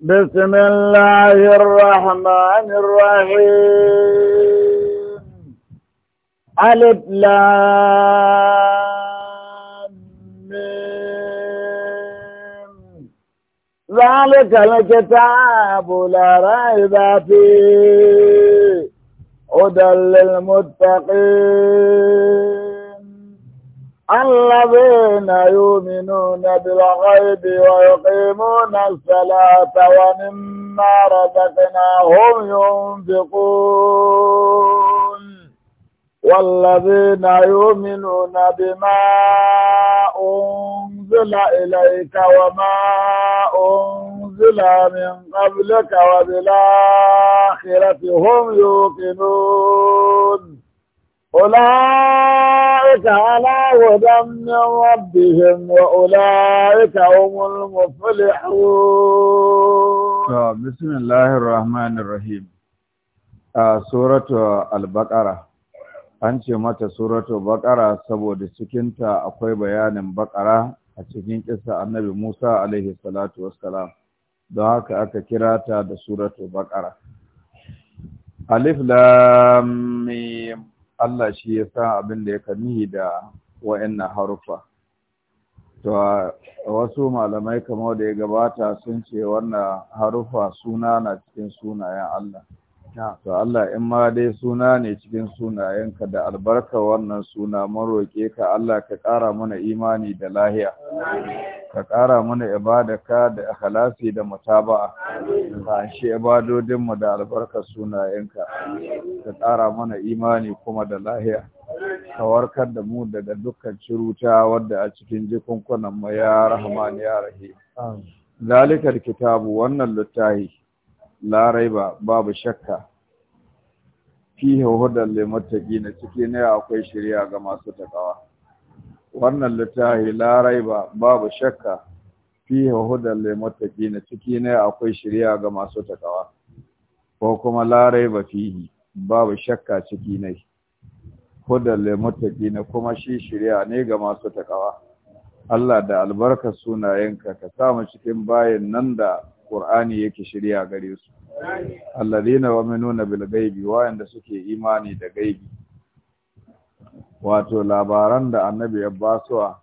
بسم الله الرحمن الرحيم ألف ذلك الكتاب لا ريب فيه هدى للمتقين الذين يؤمنون بالغيب ويقيمون الصلاة ومما رزقناهم ينفقون والذين يؤمنون بما أنزل إليك وما أنزل من قبلك وبالآخرة هم يوقنون أولئك على هدى من ربهم وأولئك هم المفلحون بسم الله الرحمن الرحيم سورة البقرة an ce mata suratu bakara saboda cikinta akwai bayanin bakara a cikin kisa annabi Musa alaihi salatu wassalam don haka aka kira ta da suratu bakara alif lam mim Allah shi ya sa abin da ya kamihi da wa'annan harufa to wasu malamai kamar da ya gabata sun ce wannan harufa suna na cikin sunayen Allah to Allah in ma dai suna ne cikin sunayenka da albarka wannan suna maroƙe ka Allah ka ƙara mana imani da lahiya ka ƙara mana ibadaka da ikhlasi da mutaba'a ka shi ibadodin mu da albarka sunayenka ka ƙara mana imani kuma da lahiya ka warkar da mu daga dukkan ciruta wadda a cikin jikunkunan mu ya rahman ya rahim zalikal kitabu wannan littafi la raiba babu shakka fi hudan lil na ciki ne akwai shari'a ga masu takawa wannan littafi la raiba babu shakka fi hudan lil na ciki ne akwai shari'a ga masu takawa ko kuma la raiba fihi babu shakka ciki ne hudan lil na kuma shi shari'a ne ga masu takawa Allah da albarkar sunayenka ka samu cikin bayin nan da Qur'ani yake shirya gare su alladhina yu'minuna bil ghaibi wa'anda suke imani da gaibi wato labaran da annabi ya basuwa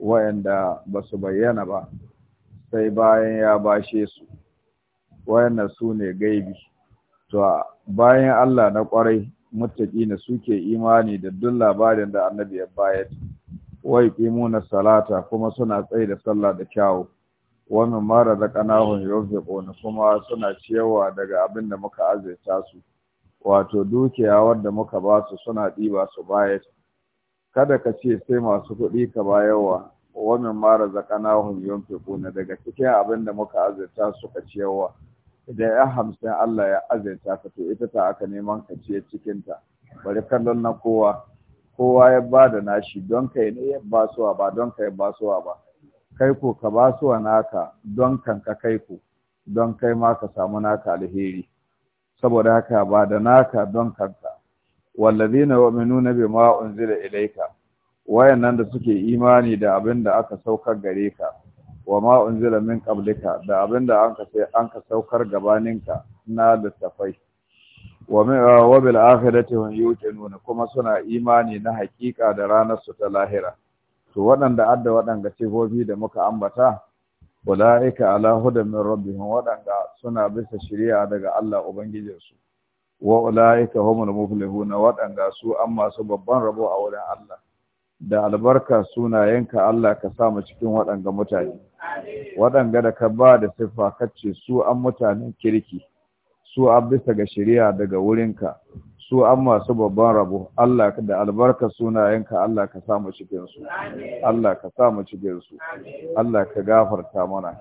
wa'anda basu bayyana ba sai bayan ya bashe su wa'anda su ne gaibi to bayan Allah na kwarai muttaki ne suke imani da duk labarin da annabi ya bayar wai qimuna salata kuma suna tsaye da sallah da kyawu wa mara ma razaqnahum yunfiqun kuma suna ciyawa daga abin da muka azurta su wato dukiya wadda muka ba su suna ɗiba su bayar kada ka ce sai masu kuɗi ka bayarwa wa mara ma razaqnahum yunfiqun daga cikin abin da muka azurta su ka ciyawa idan ya hamsin Allah ya azurta ka to ita ta aka neman ka ciye cikin ta bari kallon na kowa kowa ya ba da nashi don kai ne ya basuwa ba don kai basuwa ba kai ko ka ba su naka don kanka kai ko don kai ma ka samu naka alheri saboda haka ba da naka don kanka wallazina yu'minuna bima unzila ilayka wayannan da suke imani da abin da aka saukar gare ka wa ma unzila min qablika da abin da an ka sai an ka saukar gabaninka na littafai wa bil akhirati hum kuma suna imani na hakika da ranar su ta lahira to waɗanda adda waɗanga sifofi da muka ambata ulaika ala hudan min rabbihim waɗanda suna bisa shiriya daga Allah ubangijinsu wa ulaika humul muflihuna waɗanda su an masu babban rabo a wurin Allah da albarka sunayenka Allah ka sa mu cikin waɗanga mutane waɗanga da ka ba da siffa kace su an mutanen kirki su an bisa ga shiriya daga wurinka su an masu babban rabo Allah da albarka sunayenka Allah ka samu cikinsu Allah ka samu mu cikinsu, Allah ka gafarta mana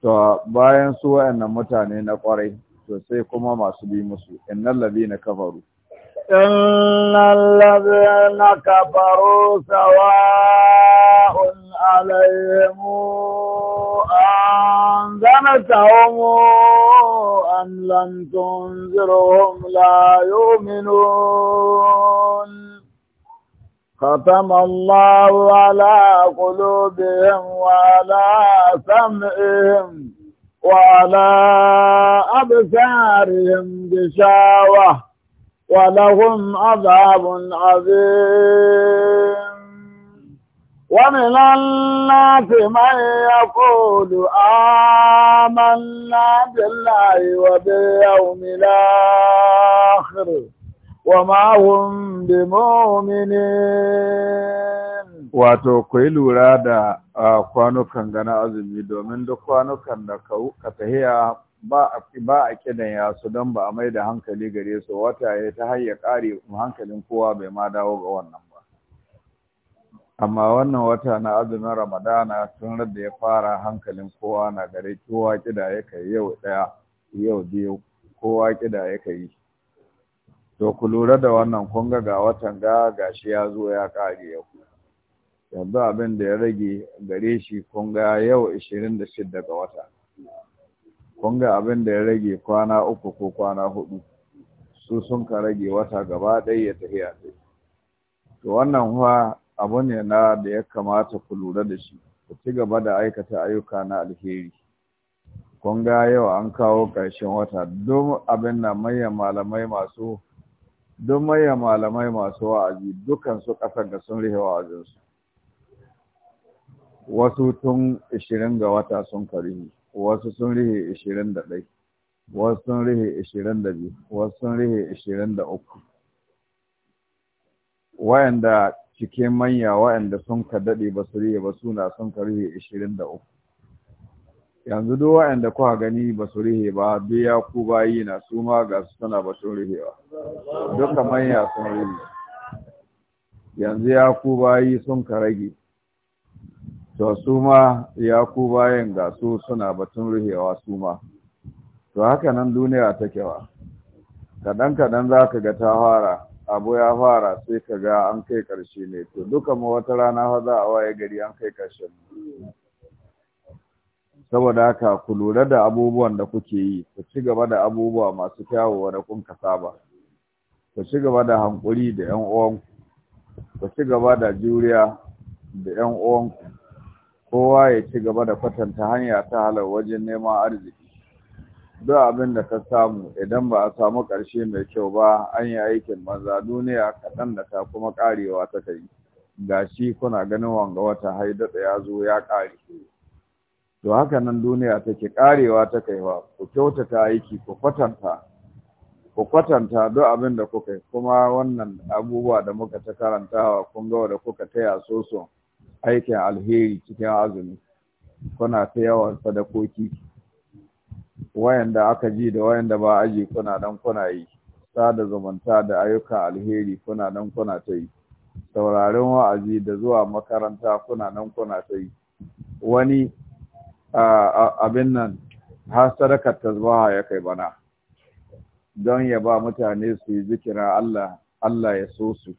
to bayan su wayannan mutane na kwarai to sai kuma masu bi musu innal ladina kafaru إن الذين كفروا سواء عليهم أنذرتهم أم لم تنذرهم لا يؤمنون ختم الله على قلوبهم وعلى سمعهم وعلى أبصارهم بشاوة ولهم عذاب عظيم ومن الناس من يقول آمنا بالله وباليوم الآخر وما هم بمؤمنين wato ku yi lura da kwanukan gana azumi domin duk kwanukan da ka tahiya ba a kidan ya su don ba a mai da hankali gare su wata ya ta hayya ƙari hankalin kowa bai ma dawo ga wannan ba amma wannan wata na azumin ramadana tun da ya fara hankalin kowa na gare kowa kida ya kai yau ɗaya yau biyu kowa kida ya kai to ku lura da wannan kun ga ga watan ga gashi ya zo ya ƙare yau yanzu abin da ya rage gare shi kun ga yau 26 ga wata kun ga abin da ya rage kwana uku ko kwana hudu su sun ka rage wata gaba ɗaya ya tafi a sai to wannan huwa abu ne na da ya kamata ku lura da shi ku ci gaba da aikata ayyuka na alheri kun ga yau an kawo ƙarshen wata duk abin na manyan malamai masu duk manyan malamai masu wa'azi dukkan su ƙasar ga sun rihe wa'azinsu wasu tun ishirin ga wata sun karihi wasu sun rihe ishirin da ɗai wasu sun rihe ishirin da biyu wasu sun rihe ishirin da uku wayanda cikin manya wayanda sun ka daɗe ba su rihe ba suna sun ka rihe ishirin da uku yanzu duk wayanda kuka gani ba su rihe ba duk ya ku bayi na su ma ga su tana ba sun ba duka manya sun rihe yanzu ya ku bayi sun ka rage to su ma ya ku bayan ga su suna batun ruhewa su ma to haka nan duniya ta wa kaɗan kaɗan za ka ga ta fara abu ya fara sai ka ga an kai ƙarshe ne to duka ma wata rana fa za a waye gari an kai ƙarshen saboda haka ku lura da abubuwan da kuke yi ku ci gaba da abubuwa masu kyawu da kun ka saba ku ci gaba da hankuri da 'yan uwanku ku ci gaba da juriya da 'yan uwanku kowa ya ci gaba da kwatanta hanya ta halar wajen neman arziki duk abin da ka samu idan ba a samu ƙarshe mai kyau ba an yi aikin maza duniya kaɗan da ta kuma ƙarewa ta kai ga shi kuna ganin wanga wata haidata ya zo ya ƙare to haka nan duniya take ƙarewa ta kai wa ku kyautata aiki ku kwatanta ku kwatanta duk abin da kuka yi kuma wannan abubuwa da muka ta karantawa kun ga da kuka taya soso aikin alheri cikin azumi kuna ta yawan sadakoki wayanda aka ji da wayanda ba aji kuna dan kuna yi sada zumunta da ayyukan alheri kuna nan kuna ta yi sauraron wa'azi da zuwa makaranta kuna nan kuna ta yi wani abin nan har sadakar tasbaha ya kai bana don ya ba mutane su yi zikira Allah ya so su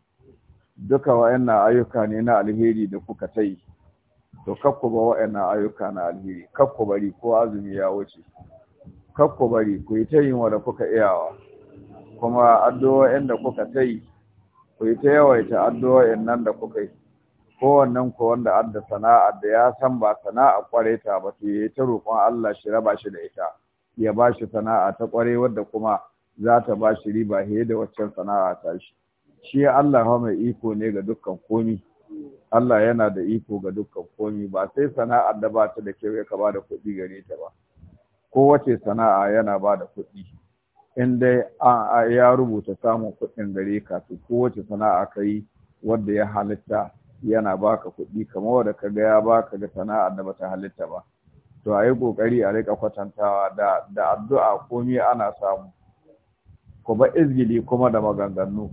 duka wa'annan ayyuka ne na alheri da kuka ta yi to kakku ba wa'annan ayyuka na alheri kakku bari ko azumi ya wuce kakku bari ku yi ta yin wanda kuka iyawa kuma addu'o'in da kuka ta yi ku yi ta yawaita addu'o'in nan da kuka yi kowannen ku wanda adda sana'a da ya san ba sana'a kware ta ba to yi ta roƙon Allah shi raba shi da ita ya ba shi sana'a ta kware wadda kuma za ta ba shi riba he da waccan sana'a ta shi shi Allah ha mai iko ne ga dukkan komi Allah yana da iko ga dukkan komi ba sai sana'a da ba ta da kyau ya ka ba da kuɗi gare ta ba kowace sana'a yana ba da kuɗi in dai ya rubuta samun kuɗin gare ka to kowace sana'a ka yi wadda ya halitta yana baka kuɗi kamar wadda ka ga ya baka ga sana'a da bata halitta ba to a yi ƙoƙari a rika kwatantawa da addu'a komai ana samu ku ba izgili kuma da maganganu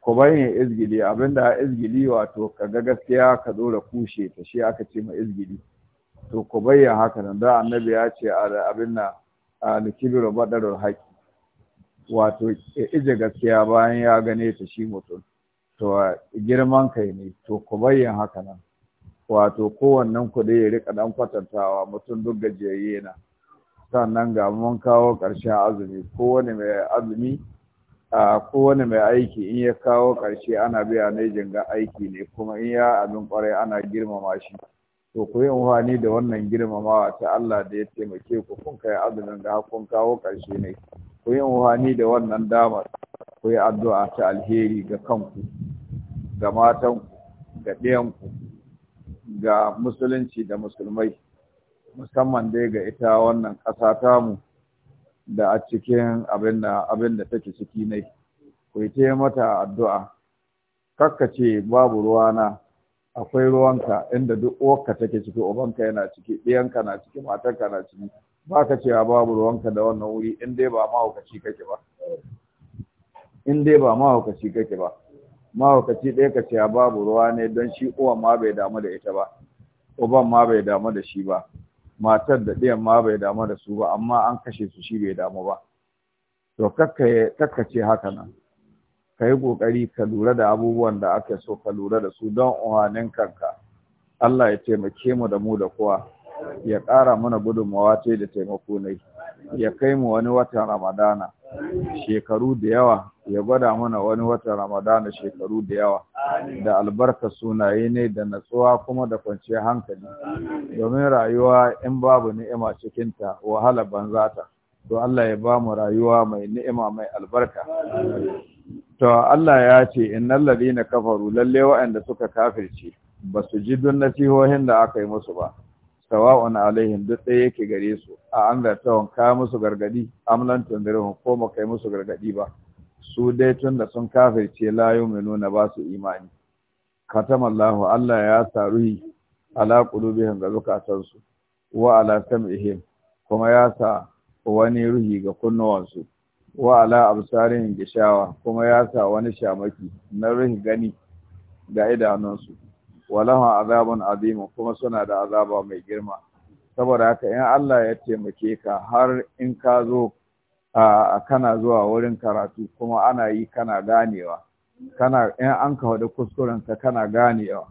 ku bayan ya izgili abinda izgili wato kaga gaskiya ka dora kushe ta shi aka ce ma izgili to ku bayan haka nan da annabi ya ce abin na alkibiru badarul haƙi wato ya ije gaskiya bayan ya gane ta shi mutum to girman kai ne to ku bayan haka nan wato kowannen ku ya rika dan kwatantawa mutum duk gajiyayye na sannan ga mun kawo ƙarshen azumi kowane mai azumi a kowane mai aiki in ya kawo ƙarshe ana biya ne jinga aiki ne kuma in ya abin ƙwarai ana girmama shi to ku yi amfani da wannan girmamawa ta Allah da ya taimake ku kun kai azumin da kun kawo ƙarshe ne ku yi amfani da wannan damar ku yi addu'a ta alheri ga kanku ga matan, ga ɗiyanku ga musulunci da musulmai musamman dai ga ita wannan ƙasa tamu da a cikin abin da take ciki ne ku yi mata addu'a ce babu ruwana akwai ruwanka inda duk uwarka take ciki ubanka yana ciki ɗiyanka na ciki matarka na ciki ba ka cewa babu ruwanka da wannan wuri in dai ba mahaukaci kake ba in dai ba mahaukaci kake ba mahaukaci ɗaya ka cewa babu ruwa ne don shi uwan ma bai damu da ita ba uban ma bai damu da shi ba matar da ɗiyan ma bai damu da su ba amma an kashe su shi bai damu ba to kakka ce haka nan ka yi ƙoƙari ka lura da abubuwan da aka so ka lura da su don uhanin kanka Allah ya taimake mu da mu da kowa ya ƙara mana gudunmawa ce da taimako ne ya kai mu wani watan ramadana shekaru da yawa ya gwada mana wani watan ramadana shekaru da yawa da albarka sunaye ne da natsuwa kuma da kwanciyar hankali domin rayuwa in babu ni'ima cikinta wahala banza ta to Allah ya ba mu rayuwa mai ni'ima mai albarka to Allah ya ce innal ladina kafaru lalle waɗanda suka kafirce ba su ji dun nasihohin da aka yi musu ba sawa'un alaihim duk ɗaya yake gare su a an zartawan kai musu gargadi amlan tundirhum ko mu kai musu gargadi ba su dai tun da sun kafirce layu mai nuna ba su imani katamallahu Allah ya saruhi ala qulubihim ga zukatansu wa ala sam'ihim kuma ya sa wani ruhi ga kunnuwansu wa ala absarihim gishawa kuma ya sa wani shamaki na ruhi gani ga idanunsu walahun azabun azimu kuma suna da azaba mai girma saboda haka in Allah ya taimake ka har in ka zo kana zuwa wurin karatu kuma ana yi kana ganewa kana in an ka faɗi kuskuren ka kana ganewa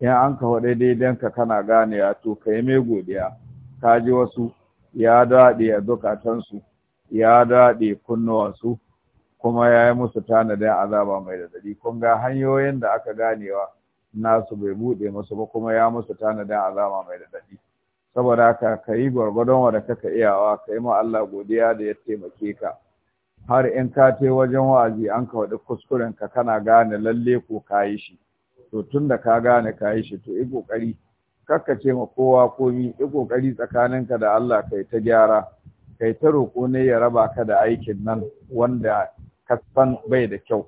in an ka faɗi daidan ka kana ganewa to kai yi mai godiya ka ji wasu ya daɗe a su ya daɗe kunnuwansu kuma ya yi musu tanadin azaba mai daɗaɗi kun ga hanyoyin da aka ganewa nasu bai buɗe musu ba kuma ya musu tanadin azaba mai daɗaɗi saboda haka ka yi gwargwadon wa da kaka iyawa ka yi ma Allah godiya da ya taimake ka har in ka te wajen wa'azi an ka waɗi kuskuren ka kana gane lalle ko ka yi shi to tun da ka gane ka yi shi to yi ƙoƙari kakka ce ma kowa komi yi ƙoƙari ka da Allah kai ta gyara kai ta roƙo ne ya raba ka da aikin nan wanda ka san bai da kyau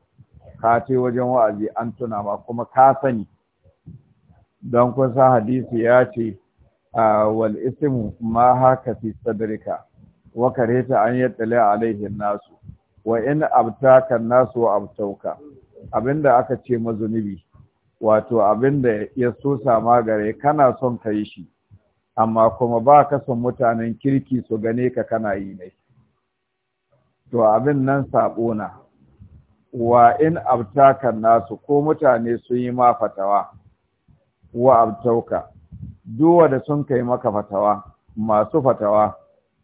ka ce wajen wa'azi an tuna ma kuma ka sani don kun sa hadisi ya ce wal isim ma haka fi sadrika wa kareta an yattali alaihi nasu wa in abtaka nasu wa abtauka abinda aka ce mazunubi wato abinda ya so sama gare kana son ka yi shi amma kuma ba ka son mutanen kirki su gane ka kana yi ne to abin nan sabo na wa in abtaka nasu ko mutane sun yi ma fatawa wa abtauka duwa da sun kai maka fatawa masu fatawa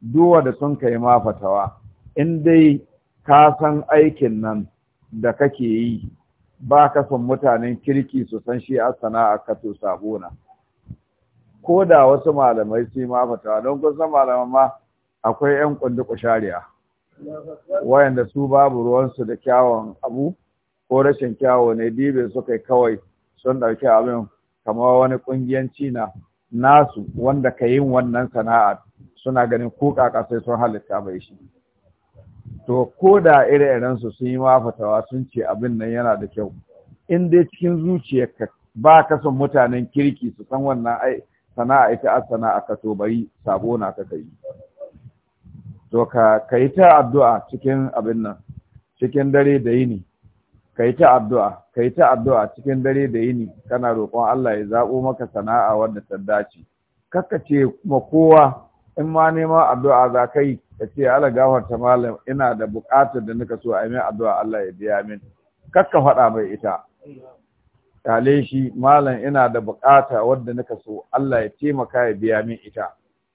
duwa da sun kai ma fatawa in dai ka san aikin nan da kake yi ba ka san mutanen kirki su san shi a sana'a ka to sabona ko da wasu malamai su ma fatawa don kun san malaman ma akwai yan ku shari'a wayanda su babu ruwansu da kyawun abu ko rashin kyawu ne dibe su kai kawai sun ɗauki abin kamar wani ƙungiyanci na nasu wanda ka yin wannan sana'a suna ganin ko kaka sai sun halitta bai shi to ko da ire-iren su sun yi mafatawa sun ce abin nan yana da kyau in dai cikin zuciyarka ba ka son mutanen kirki su san wannan ai sana'a ita a sana'a ka to bari sabo na ka kai to ka kai ta addu'a cikin abin nan cikin dare da yini kai ta addu'a kai ta addu'a cikin dare da yini kana roƙon Allah ya zabo maka sana'a wanda ta dace ce kuma kowa in ma nema addu'a za ka yi ka ce ala gafarta malam ina da buƙatar da nika so a yi addu'a Allah ya biya min kakka faɗa mai ita kale shi malam ina da buƙata wadda nika so Allah ya taimaka ya biya min ita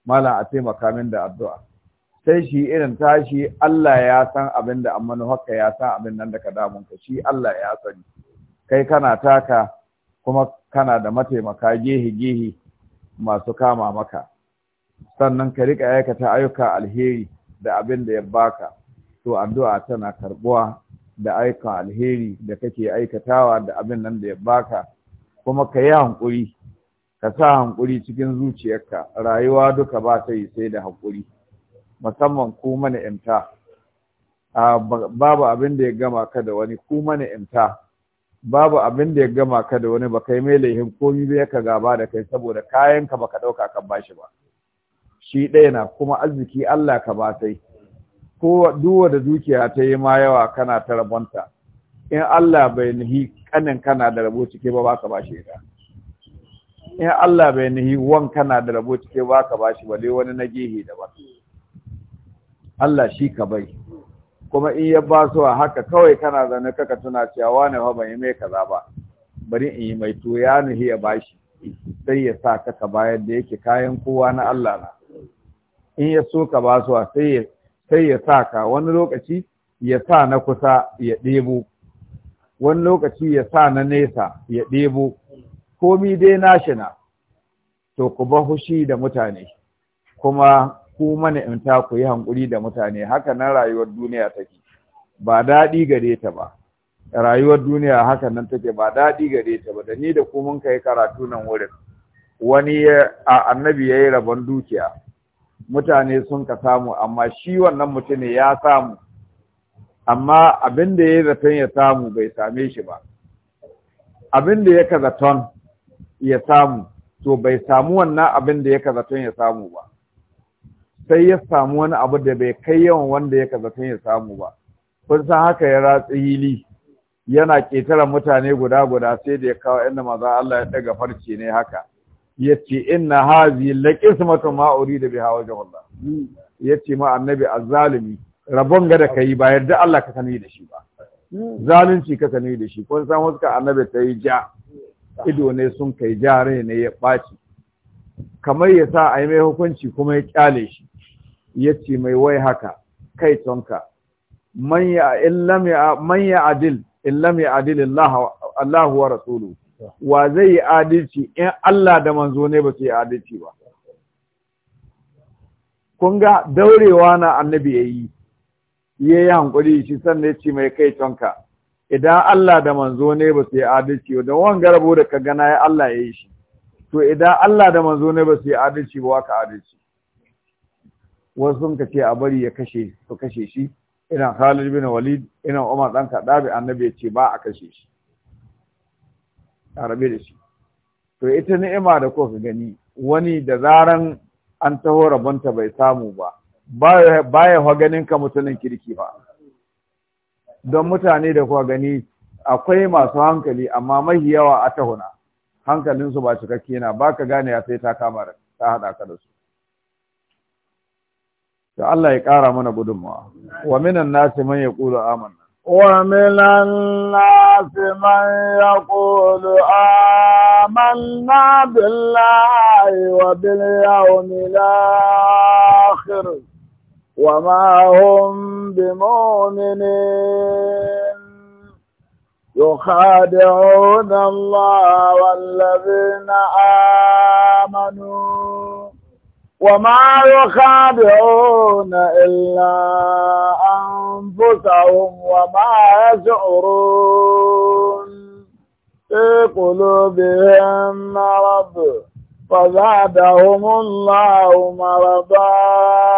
malam a taimaka min da addu'a sai shi irin tashi Allah ya san abin da amma haka ya san abin nan da ka damun ka shi Allah ya sani kai kana taka kuma kana da mataimaka gehe gehe masu kama maka sannan ka rika aikata ayyuka alheri da abin da ya baka to addu'a tana karbuwa da aika alheri da kake aikatawa da abin nan da ya baka kuma ka yi hankuri ka sa hankuri cikin zuciyarka rayuwa duka ba ta yi sai da hankuri musamman ku mana imta babu abin da ya gama ka da wani ku mana imta babu abin da ya gama ka da wani ba kai mai laihin komi bai ka gaba da kai saboda kayan ka baka dauka kan bashi ba shi ɗaya na kuma arziki Allah ka ba sai ko duwa da dukiya ta yi ma yawa kana ta in Allah bai nihi kanin kana da rabo cike ba baka bashi ba, in Allah bai nihi wan kana da rabo cike ba baka bashi ba dai wani na gehe da ba Allah shi ka bai kuma in ya ba a haka kawai kana zane kaka tuna cewa wani fa ban yi mai kaza ba bari in yi mai to ya nuhi ya bashi sai ya sa kaka bayan da yake kayan kowa na Allah na in ya so ka ba su sai sai ya sa ka wani lokaci ya sa na kusa ya ɗebo wani lokaci ya sa na nesa ya ɗebo komi dai nashi na to ku ba hushi da mutane kuma ku mana in ta ku yi hankuri da mutane haka nan rayuwar duniya take ba daɗi gare ta ba rayuwar duniya haka nan take ba daɗi gare ta ba da ni da ku mun kai karatu nan wurin wani a annabi ya yi rabon dukiya mutane sun ka samu amma shi wannan mutum ya samu amma abin da ya yi zaton ya samu bai same shi ba abin da ya ka zaton ya samu to bai samu wannan abin da ya ka zaton ya samu ba sai ya samu wani abu da bai kai yawan wanda ya kaza ya samu ba kun san haka ya ratsa hili yana ƙetare mutane guda guda sai da ya kawo inda maza Allah ya ɗaga farce ne haka Ya in inna hazi la qismatu ma urida biha wajhu Ya ce ma annabi a zalimi rabon ga da yi, ba yarda Allah ka sani da shi ba zalunci ka sani da shi kun san wasu ka annabi ta yi ja ido ne sun kai ja ne ya ɓaci kamar ya sa a yi mai hukunci kuma ya ƙyale shi ya ce mai wai haka kai tonka man ya adil illam ya adil Allah wa rasulu wa zai yi adalci in Allah da manzo ne ba su yi adalci ba kun ga daurewa na annabi ya yi ya yi hankuri shi sannan ya ce mai kai tonka idan Allah da manzo ne ba su yi adalci ba don wanga da ka gana ya Allah ya yi shi to idan Allah da manzo ne ba su yi adalci ba waka adalci wasu sun ce a bari ya kashe su kashe shi ina Khalid bin Walid ina Umar dan Kadabi annabi ya ce ba a kashe shi a da shi to ita ni'ima da kuka gani wani da zaran an taho rabonta bai samu ba baya fa ganin ka mutumin kirki ba don mutane da kuka gani akwai masu hankali amma mahi yawa a tahuna hankalinsu ba cikakke na ba ka gane ya sai ta kama ta hada ka da su to Allah ya ƙara mana gudunmawa wa minan nasi man yaqulu amanna wa minan nasi man yaqulu amanna billahi wa bil yawmil akhir wa ma hum bimu'minin يخادعون الله والذين آمنوا وما يخادعون إلا أنفسهم وما يشعرون في قلوبهم مرض فزادهم الله مرضاً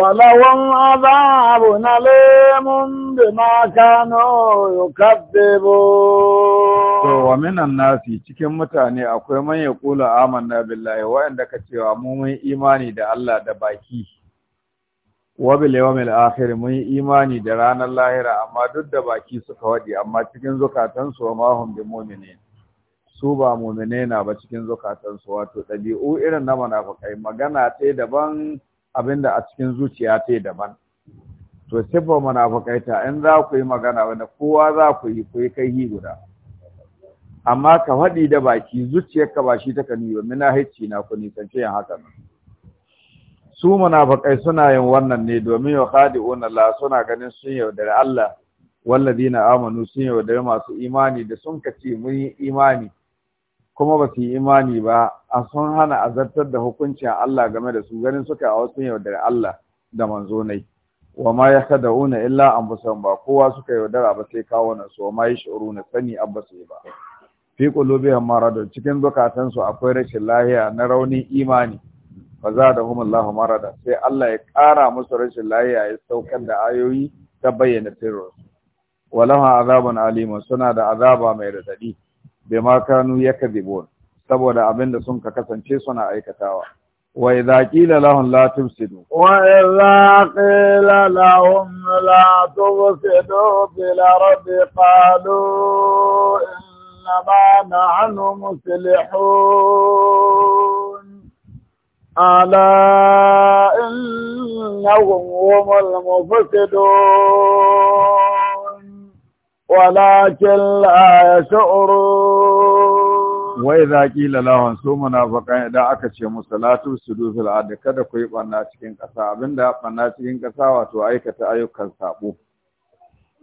ولهم عذاب أليم بما كانوا يكذبون ومن الناس cikin mutane akwai man ya kula amanna billahi wa'anda ka cewa mu mun imani da Allah da baki wa bil yawmil akhir mun imani da ranar lahira amma duk da baki suka wadi amma cikin zukatan su ma hum bi mu'minin su ba muminai na ba cikin zukatan su wato dabi'u irin na munafikai magana ta daban abinda a cikin zuciya ta yi daban to sifar munafikaita in za ku yi magana wanda kowa za ku yi ku yi guda amma ka faɗi da baki zuciyarka ba shi ta kani ba mina haici na ku nisance yin haka su munafikai suna yin wannan ne domin ya ona la suna ganin sun yaudari Allah wallazina amanu sun yaudari masu imani da sun kace mun yi imani kuma ba su yi imani ba a sun hana azartar da hukuncin Allah game da su ganin suka a wasu yaudar Allah da manzo nai wa ma ya una illa anfusahum ba kowa suka yaudara ba sai kawo na su wa ma yi shiuru na sani abba sai ba fi qulubihim maradun cikin zukatan akwai rashin lahiya na raunin imani Ba za da zadahum Allahu marada sai Allah ya ƙara musu rashin lahiya ya saukar da ayoyi ta bayyana sirrinsu wa lahum azabun suna da azaba mai radadi bima kanu yakdibun saboda abinda sun ka kasance suna aikatawa wa idza qila lahum la tufsidu wa idza qila lahum la tufsidu fil ardi qalu innama nahnu muslihun ala innahum humul mufsidun walakin la yash'urun wai za qila lahum su munafiqan idan aka ce musu la tusidu fil ardi kada ku yi cikin ƙasa abinda banna cikin ƙasa wato aikata ayyukan sabo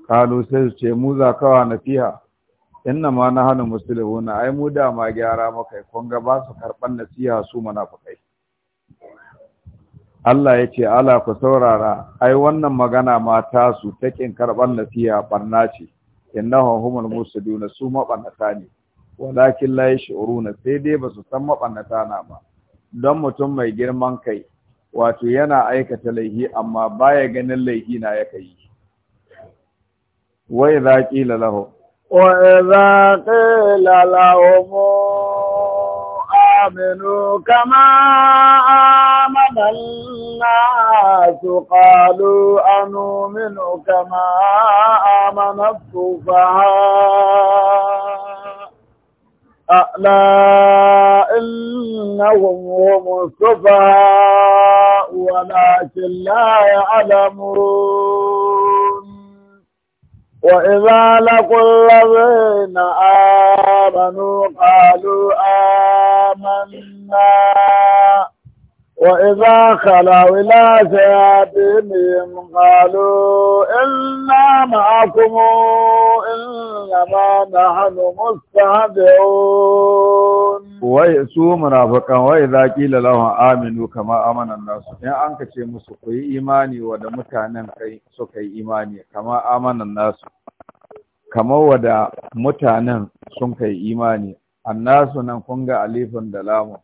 kalu sai su ce mu za kawa na fiha inna ma na hana musulmuna ai mu da ma gyara makai kun ga ba su karban nasiha su munafikai Allah ya ala ku saurara ai wannan magana ma tasu ta kin karban nasiha barna ce innahu humul musidun su mabannata ne walakin la yashuruna sai dai basu san mabannata na ba don mutum mai girman kai wato yana aikata laihi amma baya ganin laihi na ya kai wa idza qila lahu wa idza qila lahu aminu kama amana الناس قالوا أنؤمن كما آمن الصفهاء ألا إنهم هم الصفهاء ولكن لا يعلمون وإذا لقوا الذين آمنوا قالوا آمنا وإذا خلوا إلى شياطينهم قالوا إنا معكم إنما نحن مستهزئون ويأسوا منافقا وإذا قيل لهم آمنوا كما آمن الناس إن أنك شيء مسكوي إيماني ودمتانا سكي إيماني كما آمن الناس كما ودا متانا سكي إيماني الناس نكون أليف دلامه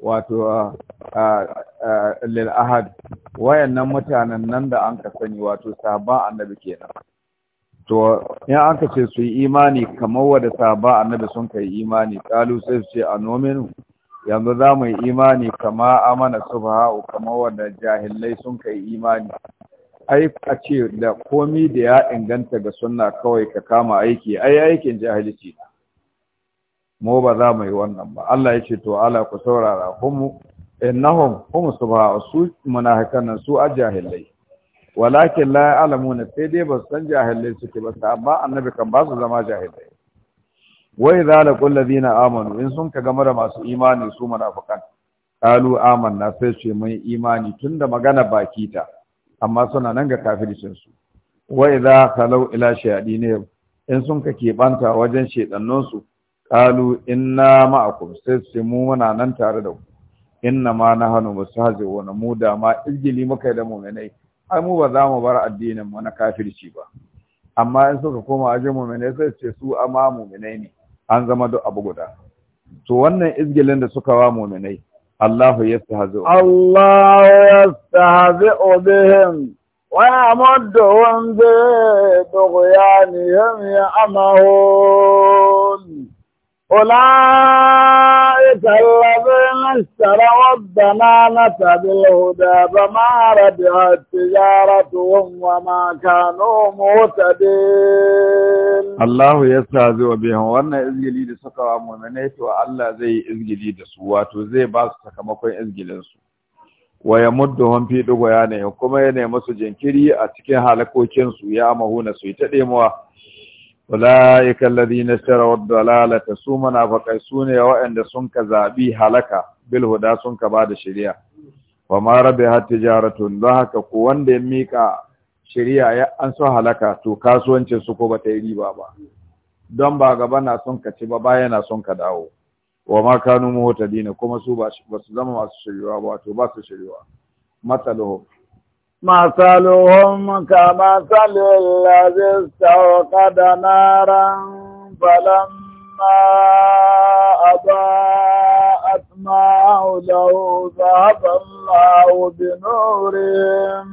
wato lil ahad wayannan mutanen nan da an ka sani wato sahaba annabi kenan to in an ka ce su yi imani kamar wanda sahaba annabi sun kai imani kalu sai su ce anominu yanzu za mu yi imani kama amana subha'u kamar wanda jahilai sun kai imani ai a ce da komi da ya inganta ga sunna kawai ka kama aiki ai aikin jahilci ne mu ba za mu yi wannan ba Allah ya ce to ala ku saurara humu innahum hum subha su munafikan nan su ajahilai walakin la ya'lamuna sai dai ba san jahilai suke ba amma annabi kan ba su zama jahilai wa idza laqul ladina amanu in sun ka mara da masu imani su munafikan qalu amanna sai su mai imani tunda magana baki ta amma suna nan ga kafircin su wa idza khalu ila shayadinihim in sun ka banta wajen shedannunsu in inna ma'akum sai su mu muna nan tare da ku inna ma nahnu mustahzi'un mu da ma izgili muka da mu'minai ai mu ba za mu bar addinin mu na kafirci ba amma in suka koma ajin mu'minai sai su ce su amma mu'minai ne an zama duk abu guda to wannan izgilin da suka wa mu'minai الله يستهزئ الله يستهزئ بهم ويمدهم بطغيانهم يعمهون أولئك الذين اشتروا الضمانة بالهدى فما ربحت تجارتهم وما كانوا مهتدين الله يستهزئ بهم وأن إزجلي لسكا مؤمنات الله زي إزجلي لسوات وزي باس سكمكو إزجلي لسوات wa ya mudduhum fi dughyanihim kuma ya nemi su jinkiri a cikin halakokin su ya mahuna su ta demuwa ulaika alladhina ishtaraw ad lalata su munafiqai sune waɗanda sun ka zaɓi halaka bil huda sun ka bada shari'a wa ma rabihat tijaratun don haka ko wanda ya mika shari'a ya an halaka to kasuwancin su ko bata yi riba ba don ba gaba na son ka ci ba baya na son ka dawo wa ma kanu muhtadina kuma su ba zama masu shiriwa ba to ba su shiriwa matsaluhum مثلهم كمثل الذي استوقد نارا فلما أضاءت ما حوله ذهب الله بنورهم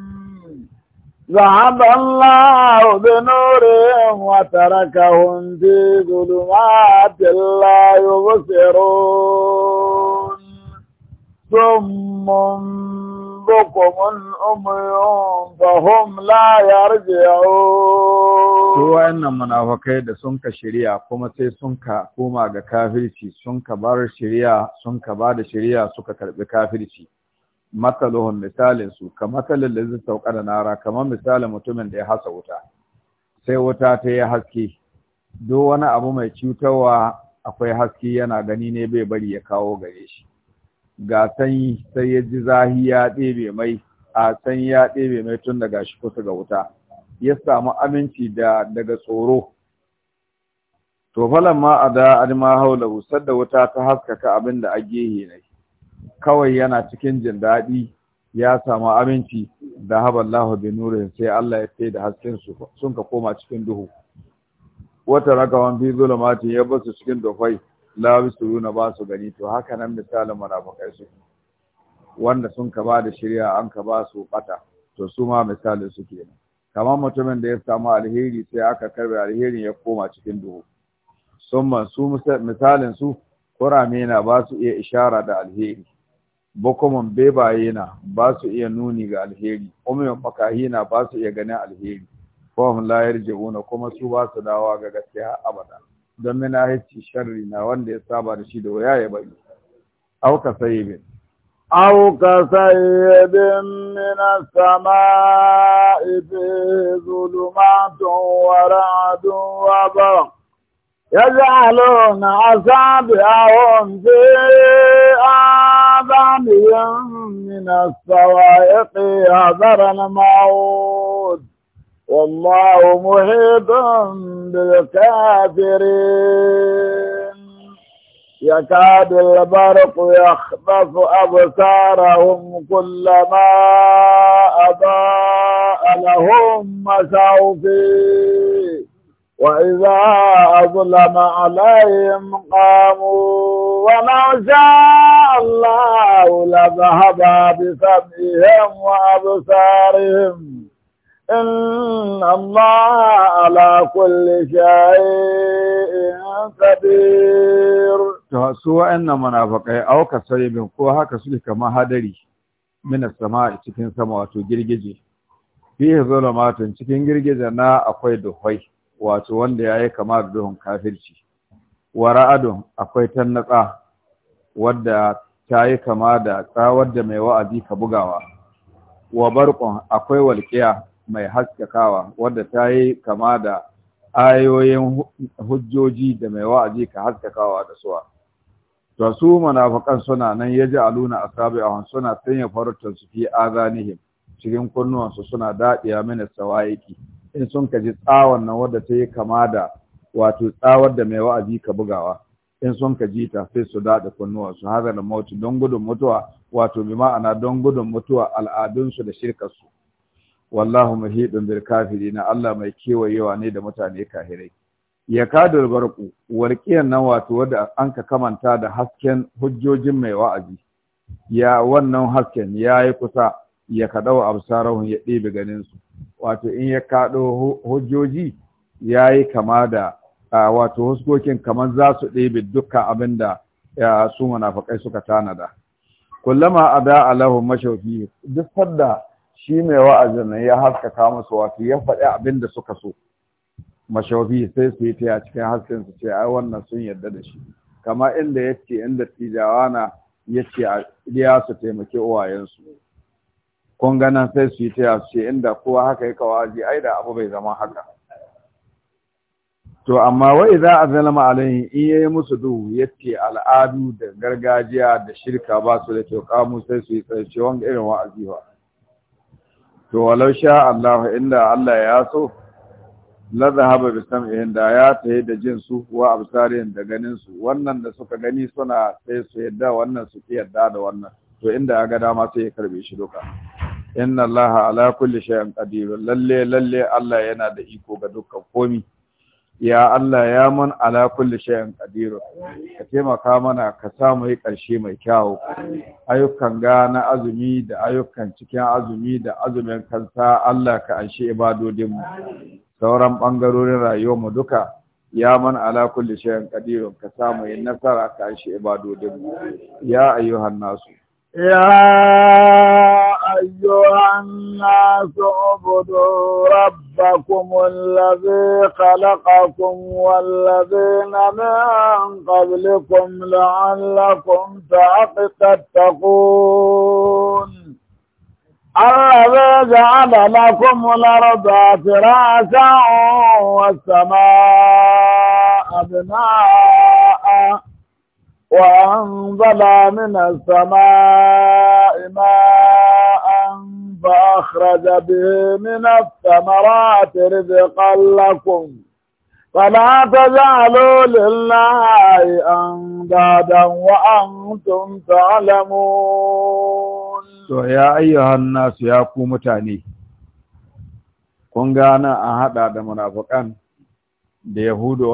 ذهب الله بنورهم وتركهم في ظلمات لا يبصرون ثم ربكم عمي فهم لا يرجعون su ان munafakai da sun ka shirya kuma sai sun ka koma ga kafirci sun ka bar shirya sun ka ba da shirya suka karbi kafirci matsaluhun misalin su ka matsalin da zai sauka da nara kamar misalin mutumin da ya hasa wuta sai wuta ta yi haske duk wani abu mai cutarwa akwai haske yana gani ne bai bari ya kawo gare shi ga sanyi sai ya ji zahi ya ɗebe mai a sanyi ya ɗebe mai tun daga shi kusa ga wuta ya samu aminci da daga tsoro to falan ma a da adima haula wusar da wuta ta haskaka abin da a gehe ne kawai yana cikin jin daɗi ya samu aminci da haballahu bi nurin sai Allah ya sai da hasken su sun ka koma cikin duhu wata rakawan bi zulumati ya basu cikin dufai la na ba su gani to haka nan misalin munafikai su wanda sun ka ba da shirya an ka ba su bata to su ma misalin su kenan kamar mutumin da ya samu alheri sai aka karbe alherin ya koma cikin duhu summa su misalin su kurame na ba su iya ishara da alheri bukumin bebaye na ba su iya nuni ga alheri umman makahi na ba su iya ganin alheri kuma hum la yarji'una kuma su ba su dawa ga gaskiya abada don minahici sharri na wanda ya saba da shi da waya ya bari au ka sayyibin au ka sayyibin min as-sama'i fi zulumatun wa ra'dun wa barq يجعلون أصابعهم في ya fi الصواعق حذر الموت والله محيط بالكافرين يكاد البرق يخبف أبصارهم كلما أضاء لهم مسعوا فيه وإذا أظلم عليهم قاموا ولو شاء الله لذهب بسمعهم وأبصارهم إن الله على كل شيء قدير تحسوا أن ko haka su كوها كسلك ما هدري من السماء cikin sama wato girgije fihi zulumatun cikin girgije na akwai duhai wato wanda yayi kama da duhun kafirci ra'adun akwai tannatsa wadda tayi kama da tsawar da mai wa'azi ka bugawa wa barqun akwai walqiya mai haskakawa wadda ta yi kama da ayoyin hujjoji da mai wa'azi ka haskakawa da suwa to su manafakan suna nan ya yaji aluna a suna sanya farutan su fi azanihim cikin kunnuwansu suna daɗiya mini sawaiki in sun ka ji tsawon nan wadda ta yi kama da wato tsawar da mai wa'azi ka bugawa in sun ka ji ta sai su daɗa kunnuwansu hazar da mauti don gudun mutuwa wato bi ma'ana don gudun mutuwa al'adunsu da shirkarsu wallahu muhidun bil kafirin Allah mai kewayewa ne da mutane kahirai ya kadul barqu warqiyan nan wato wadda an ka kamanta da hasken hujjojin mai wa'azi ya wannan hasken yayi kusa ya kaɗau absarahu ya ɗebe ganinsu wato in ya kaɗo hujjoji ya kama da wato huskokin kamar za su ɗebe dukkan abinda su munafakai suka tanada kullama ada alahu mashawfi duk sadda shi mai wa'azin nan ya haskaka musu wato ya faɗi abin da suka so mashawafi sai su yi taya cikin hasken su ce ai wannan sun yarda da shi kama inda ya ce inda tijawa na ya ce ya su taimaki uwayensu kun ganan sai su yi taya su ce inda kowa haka ya kawo aji, ai da abu bai zama haka to amma wai za a zalama alayhi in ya yi musu duhu yace al'adu da gargajiya da shirka ba su da kyau kamu sai su yi tsaye wanga irin wa'azi ba to walau sha Allah inda Allah ya so la zahaba bi sam'ihin da ya tayi da jin su wa absarihim da ganin su wannan da suka gani suna sai su yadda wannan su ki yadda da wannan to inda ya ga dama sai ya karbe shi doka inna Allah ala kulli shay'in qadir lalle lalle Allah yana da iko ga dukkan komi ya Allah ya man ala kulli shay'in qadir ka taimaka mana ka samu yi karshe mai kyau ayyukan Gana azumi da ayyukan cikin azumi da azumin kansa Allah ka anshi ibadodin mu sauran bangarorin rayuwar mu duka ya man ala kulli shay'in qadir ka samu yi nasara ka anshi ibadodin mu ya ayyuhan nasu يا أيها الناس اعبدوا ربكم الذي خلقكم والذين من قبلكم لعلكم تتقون الذي جعل لكم الأرض فراشا والسماء بناءً وأنزل من السماء ماء فأخرج به من الثمرات رزقا لكم فلا تجعلوا لله أندادا وأنتم تعلمون to ya ayyuhan nasu ya ku mutane kun gana a haɗa da munafukan da yahudu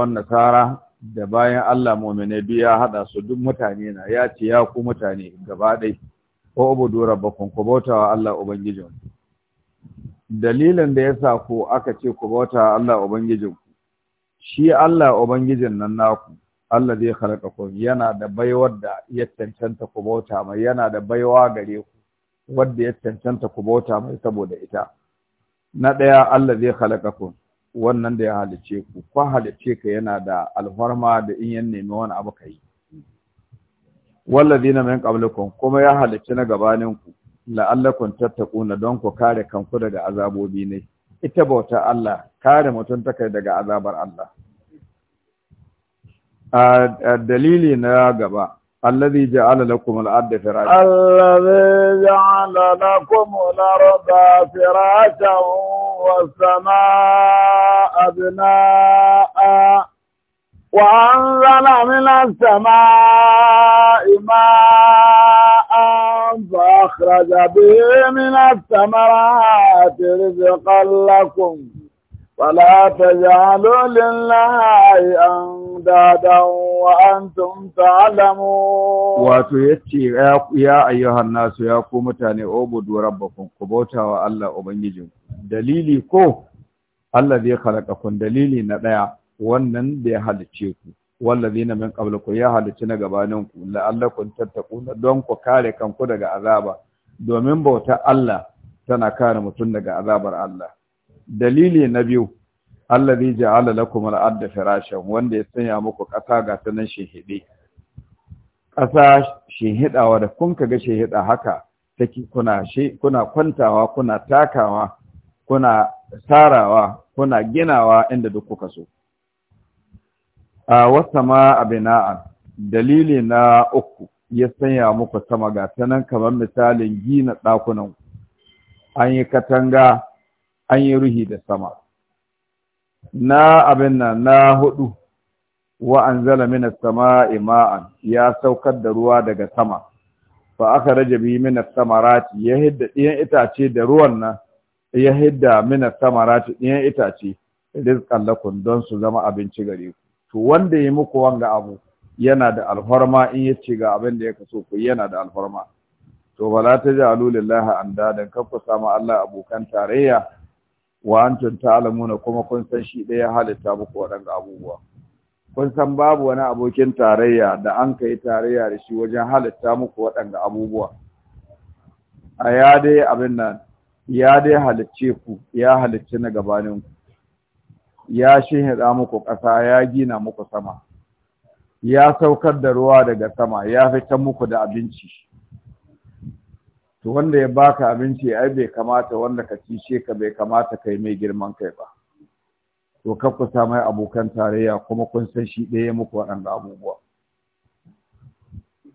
da bayan Allah mu'minai biyu ya haɗa su duk mutane na ya ce ya ku mutane gaba ɗai ko ubudu rabbakum ku bautawa Allah ubangijin dalilin da yasa ku aka ce ku bautawa Allah ubangijin shi Allah ubangijin nan naku Allah zai halaka ku yana da baiwar da ya cancanta ku bauta mai yana da baiwa gare ku wadda ya cancanta ku bauta mai saboda ita na ɗaya Allah zai halaka ku wannan da ya halice ku ko halice ka yana da alfarma da in yan nemi wani abu ka kai wallazina min qablikum kuma ya halice na gabanin ku la'allakum tattaquna don ku kare kanku daga azabobi ne ita bauta Allah kare mutum kai daga azabar Allah a dalili na gaba الذي جعل لكم الأرض فراشا الذي جعل لكم الأرض فراشا والسماء بناء وأنزل من السماء ماء فأخرج به من الثمرات رزقا لكم ولا تجعلوا لله أن أمدادا su تعلمون واتو يتي يا أيها الناس يا قوم تاني أعبدوا ربكم كبوتا والله Allah دليلي كو الذي خلقكم دليلي ɗaya wannan da ya halice ku wallazina min ku ya halicci na gabanin ku la'allakum tattaquna don ku kare kanku daga azaba domin bautar Allah tana kare mutum daga azabar Allah dalili na biyu allazi ja'ala lakum al da firashan wanda ya sanya muku kasa ga sanan shehide ƙasa shehidawa da kun kaga shehida haka take kuna she kuna kwantawa kuna takawa kuna sarawa kuna ginawa inda duk kuka so a wasama abina'an dalili na uku ya sanya muku sama ga sanan kamar misalin gina ɗakunan an yi katanga an yi ruhi da sama na abin nan na hudu wa anzala minas sama'i ma'an ya saukar da ruwa daga sama fa akhraja bi minas samarati ya hidda ɗiyan itace da ruwan nan ya hidda minas samarati ɗiyan itace rizqan lakum don su zama abinci gare ku to wanda ya muku wanga abu yana da alfarma in yace ga abin da ya kaso ku yana da alfarma to bala ta ja'alu lillahi andadan kafa samu Allah abokan tarayya wa antum ta'lamuna kuma kun san shi ɗaya halitta muku waɗanda abubuwa kun san babu wani abokin tarayya da an kai tarayya da shi wajen halitta muku waɗanda abubuwa a ya dai abin nan ya dai halicce ku ya halicce na gabanin ku ya shehida muku ƙasa ya gina muku sama ya saukar da ruwa daga sama ya fitar muku da abinci to wanda ya baka abinci ai bai kamata wanda ka cishe ka bai kamata kai mai girman kai ba to kusa mai abokan tarayya kuma kun san shi ɗaya muku waɗanda abubuwa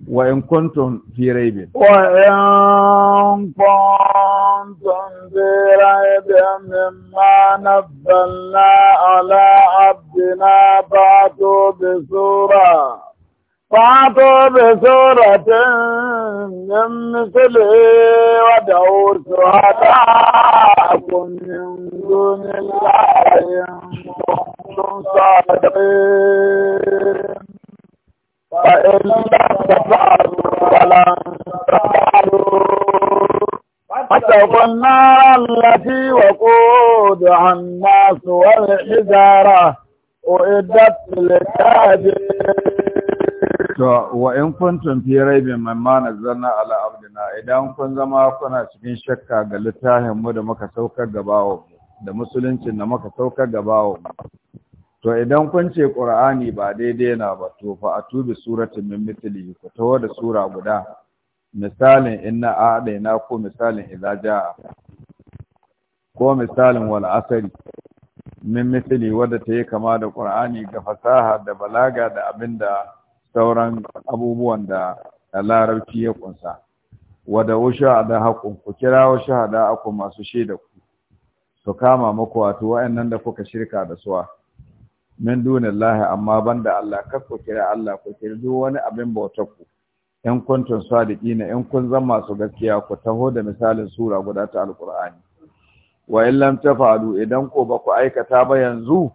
wa in kuntum fi raibin wa in kuntum fi raibin mimma nazzalna ala abdina ba'du bi sura فاعطوا بسورة من مثله ودعوا شهداءكم من دون الله إن كنتم صادقين فإن لم تفعلوا فلن تفعلوا فاتقوا النار التي وقودها الناس والحجارة أعدت للكافرين to wa in kun fi raibin mimma zanna ala abdina idan kun zama kuna cikin shakka ga littafin mu da muka saukar gabawo da musuluncin da muka saukar gabawo to idan kun ce qur'ani ba daidai na ba to fa atubi suratin min mithlihi ku tawo da sura guda misalin inna na, ko misalin idza jaa ko misalin wal asri min mithli wadda ta yi kama da qur'ani ga fasaha da balaga da abinda sauran abubuwan da larabci ya kunsa wada shahada hakun ku kira kirawo shahada aku masu shaida ku su kama muku wato wayannan da kuka shirka da suwa min lahi amma ban da Allah kar ku kira Allah ku kira duk wani abin bautar ku in sadiki ƙina, in kun zama masu gaskiya ku taho da misalin sura guda ta Alƙur'ani. wa in lam idan ko ba ku aikata ba yanzu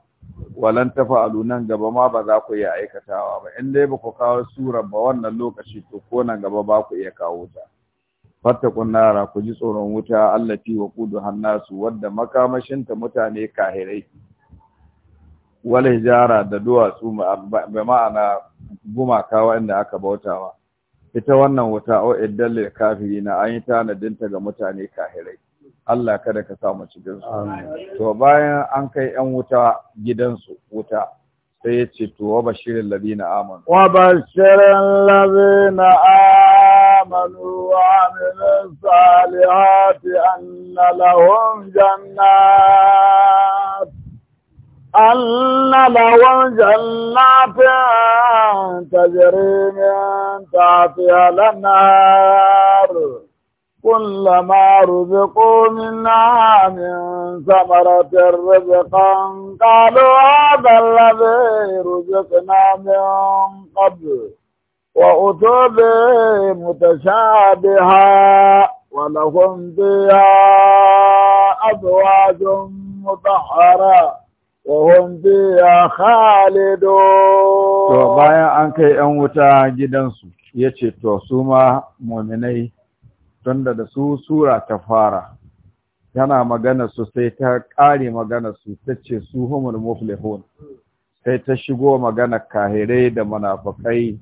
walan tafa'alu nan gaba ma ba za ku iya aikatawa ba in dai ba ku kawo sura ba wannan lokaci to ko nan gaba ba ku iya kawo ta fattakun nara ku ji tsoron wuta Allah fi wa kudu hannasu wadda makamashinta mutane kahirai wal hijara da duwatsu ba ma'ana gumaka wanda aka bautawa ita wannan wuta o iddalil kafiri na an yi tanadinta ga mutane kahirai Allah kada ka sa cikinsu. cikin su to bayan an kai yan wuta gidansu wuta sai ya ce to wa bashirin na amanu wa bashirin na amanu wa amilus salihati An lahum jannat أن لهم جنات تجري من تحتها الأنهار كلما رزقوا منها من ثمرة رزقا قالوا هذا الذي رزقنا من قبل وأتوا به متشابها ولهم فيها أزواج مطهرة وهم فيها خالدون. to أنك an جدا 'yan wuta gidansu ya ce don da su sura ta fara tana magana su sai ta ƙare magana su ta ce su humul muflihun sai ta shigo magana kahirai da manafakai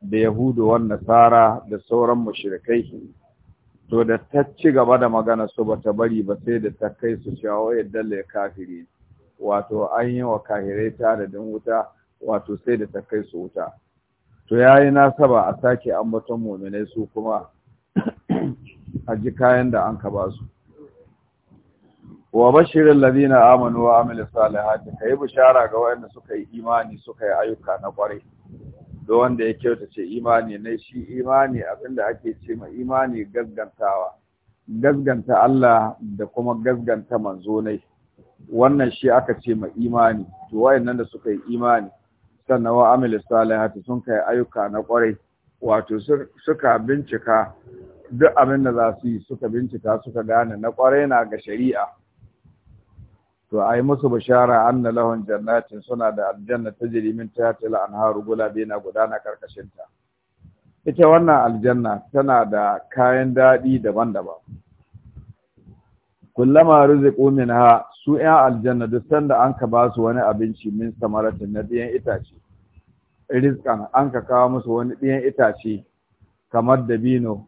da yahudu wan nasara da sauran mushrikai to da ta ci gaba da magana su bata bari ba sai da ta kai su cewa yadda la kafiri wato an yi wa kahirai ta adadin wuta wato sai da ta kai su wuta to yayi nasaba a sake ambaton mu'minai su kuma Aji kayan da an ka ba su wa bashirin ladina amanu wa amilu salihati ka yi bishara ga wayanda suka yi imani suka yi ayyuka na ƙwarai da wanda ya ce imani na shi imani abinda ake ce ma imani gaskantawa gasganta Allah da kuma gasganta Manzonai, ne wannan shi aka ce ma imani to wayannan da suka yi imani sannan wa amil salihati sun kai ayyuka na kwarai wato suka bincika duk abin da za su yi suka bincika suka gane na kwarai na ga shari'a to a yi musu bishara anna lahon jannatin suna da aljanna ta jirimin ta tila an haru gulabe na gudana karkashinta ita wannan aljanna tana da kayan daɗi daban-daban kullama riziku minha su 'yan aljanna duk sanda an ka ba wani abinci min samaratin na biyan itace rizkan an ka kawo musu wani ɗiyan itace kamar dabino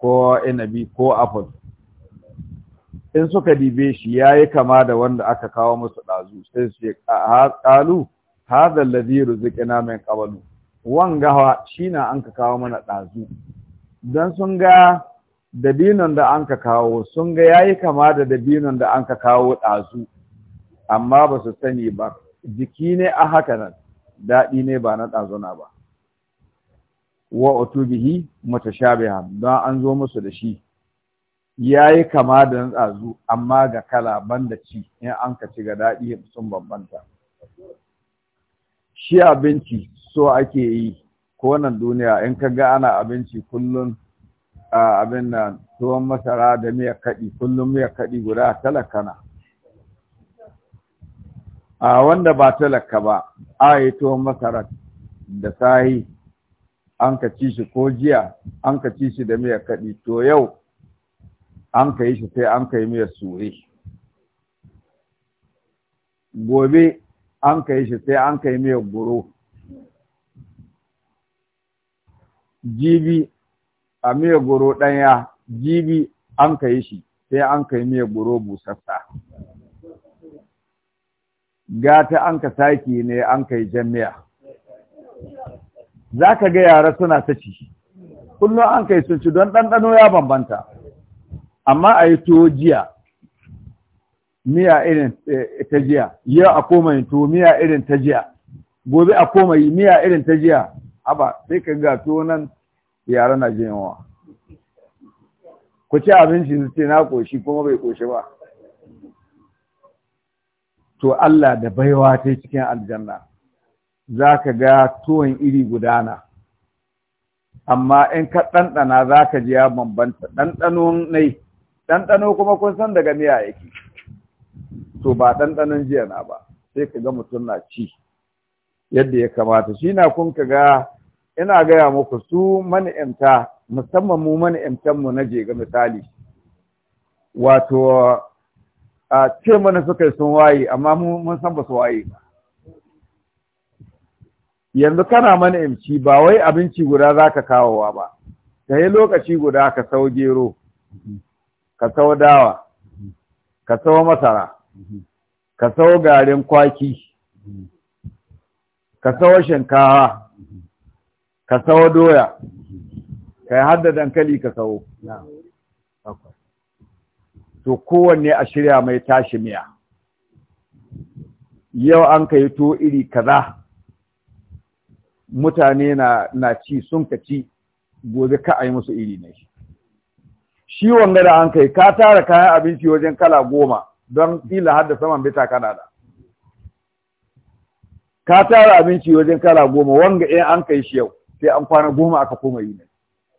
ko inabi ko apple in suka dibe shi ya yi kama da wanda aka kawo musu ɗazu sai su ce ƙalu hada ladhi ruziqina mai Wan wanga shi na an ka kawo mana ɗazu don sun ga dabinon da an ka kawo sun ga yi kama da dabinon da an ka kawo ɗazu amma ba su sani ba jiki ne a haka nan daɗi ne ba na ɗazuna ba wa utubihi mutashabiha don an zo musu da shi Ya yi kama da na ɗazu amma ga kala banda ci in an ka ci ga daɗi sun bambanta shi abinci so ake yi ko nan duniya in ka ga ana abinci kullum abin nan tuwon masara da miyar kaɗi kullum miyar kaɗi guda talakana a wanda ba talaka ba a yi tuwon masarar da sahi an ka ci shi ko jiya an ka ci shi da miyar kaɗi to yau an ka yi shi sai an ka yi miyar sure gobe an ka yi shi sai an ka yi miyar goro jibi a miyar goro ɗanya jibi an ka yi shi sai an ka yi miyar goro busassa gata an ka saki ne an ka yi jami'a za ka ga yara suna ta ci kullum an kai sun ci don ɗanɗano ya bambanta amma a yi tuwo jiya miya irin eh, ta jiya yau a koma yin tuwo miya irin ta jiya gobe a koma yi miya irin ta jiya haba sai ka ga tuwo nan yara na jin yawa ku ci abinci su na ƙoshi kuma bai koshi ba to Allah da baiwa ta cikin aljanna za ka ga tuwon iri gudana amma in ka ɗanɗana za ka ji ya bambanta ɗanɗano nai ɗanɗano kuma kun san daga miya yake to ba ɗanɗanon jiya na ba sai ka ga mutum na ci yadda ya kamata shi na kun ka ga ina gaya muku su mani'imta musamman mu mani'imtanmu na je ga misali wato a ce mana suka yi sun waye amma mun san ba su waye ba yanzu kana mana imci ba wai abinci guda za ka kawowa ba ka yi lokaci guda ka sau gero ka sau dawa ka sau masara ka sau garin kwaki ka sau shinkawa ka sau doya ka yi hadda dankali ka sau to kowanne a shirya mai tashi miya yau an ka yi to iri kaza mutane na, ci sun ka ci gobe ka a yi musu iri ne shi wanga da an kai ka tara kayan abinci wajen kala goma don kila hada saman bita kana ka tara abinci wajen kala goma wanga in an kai shi yau sai an kwana goma aka koma yi ne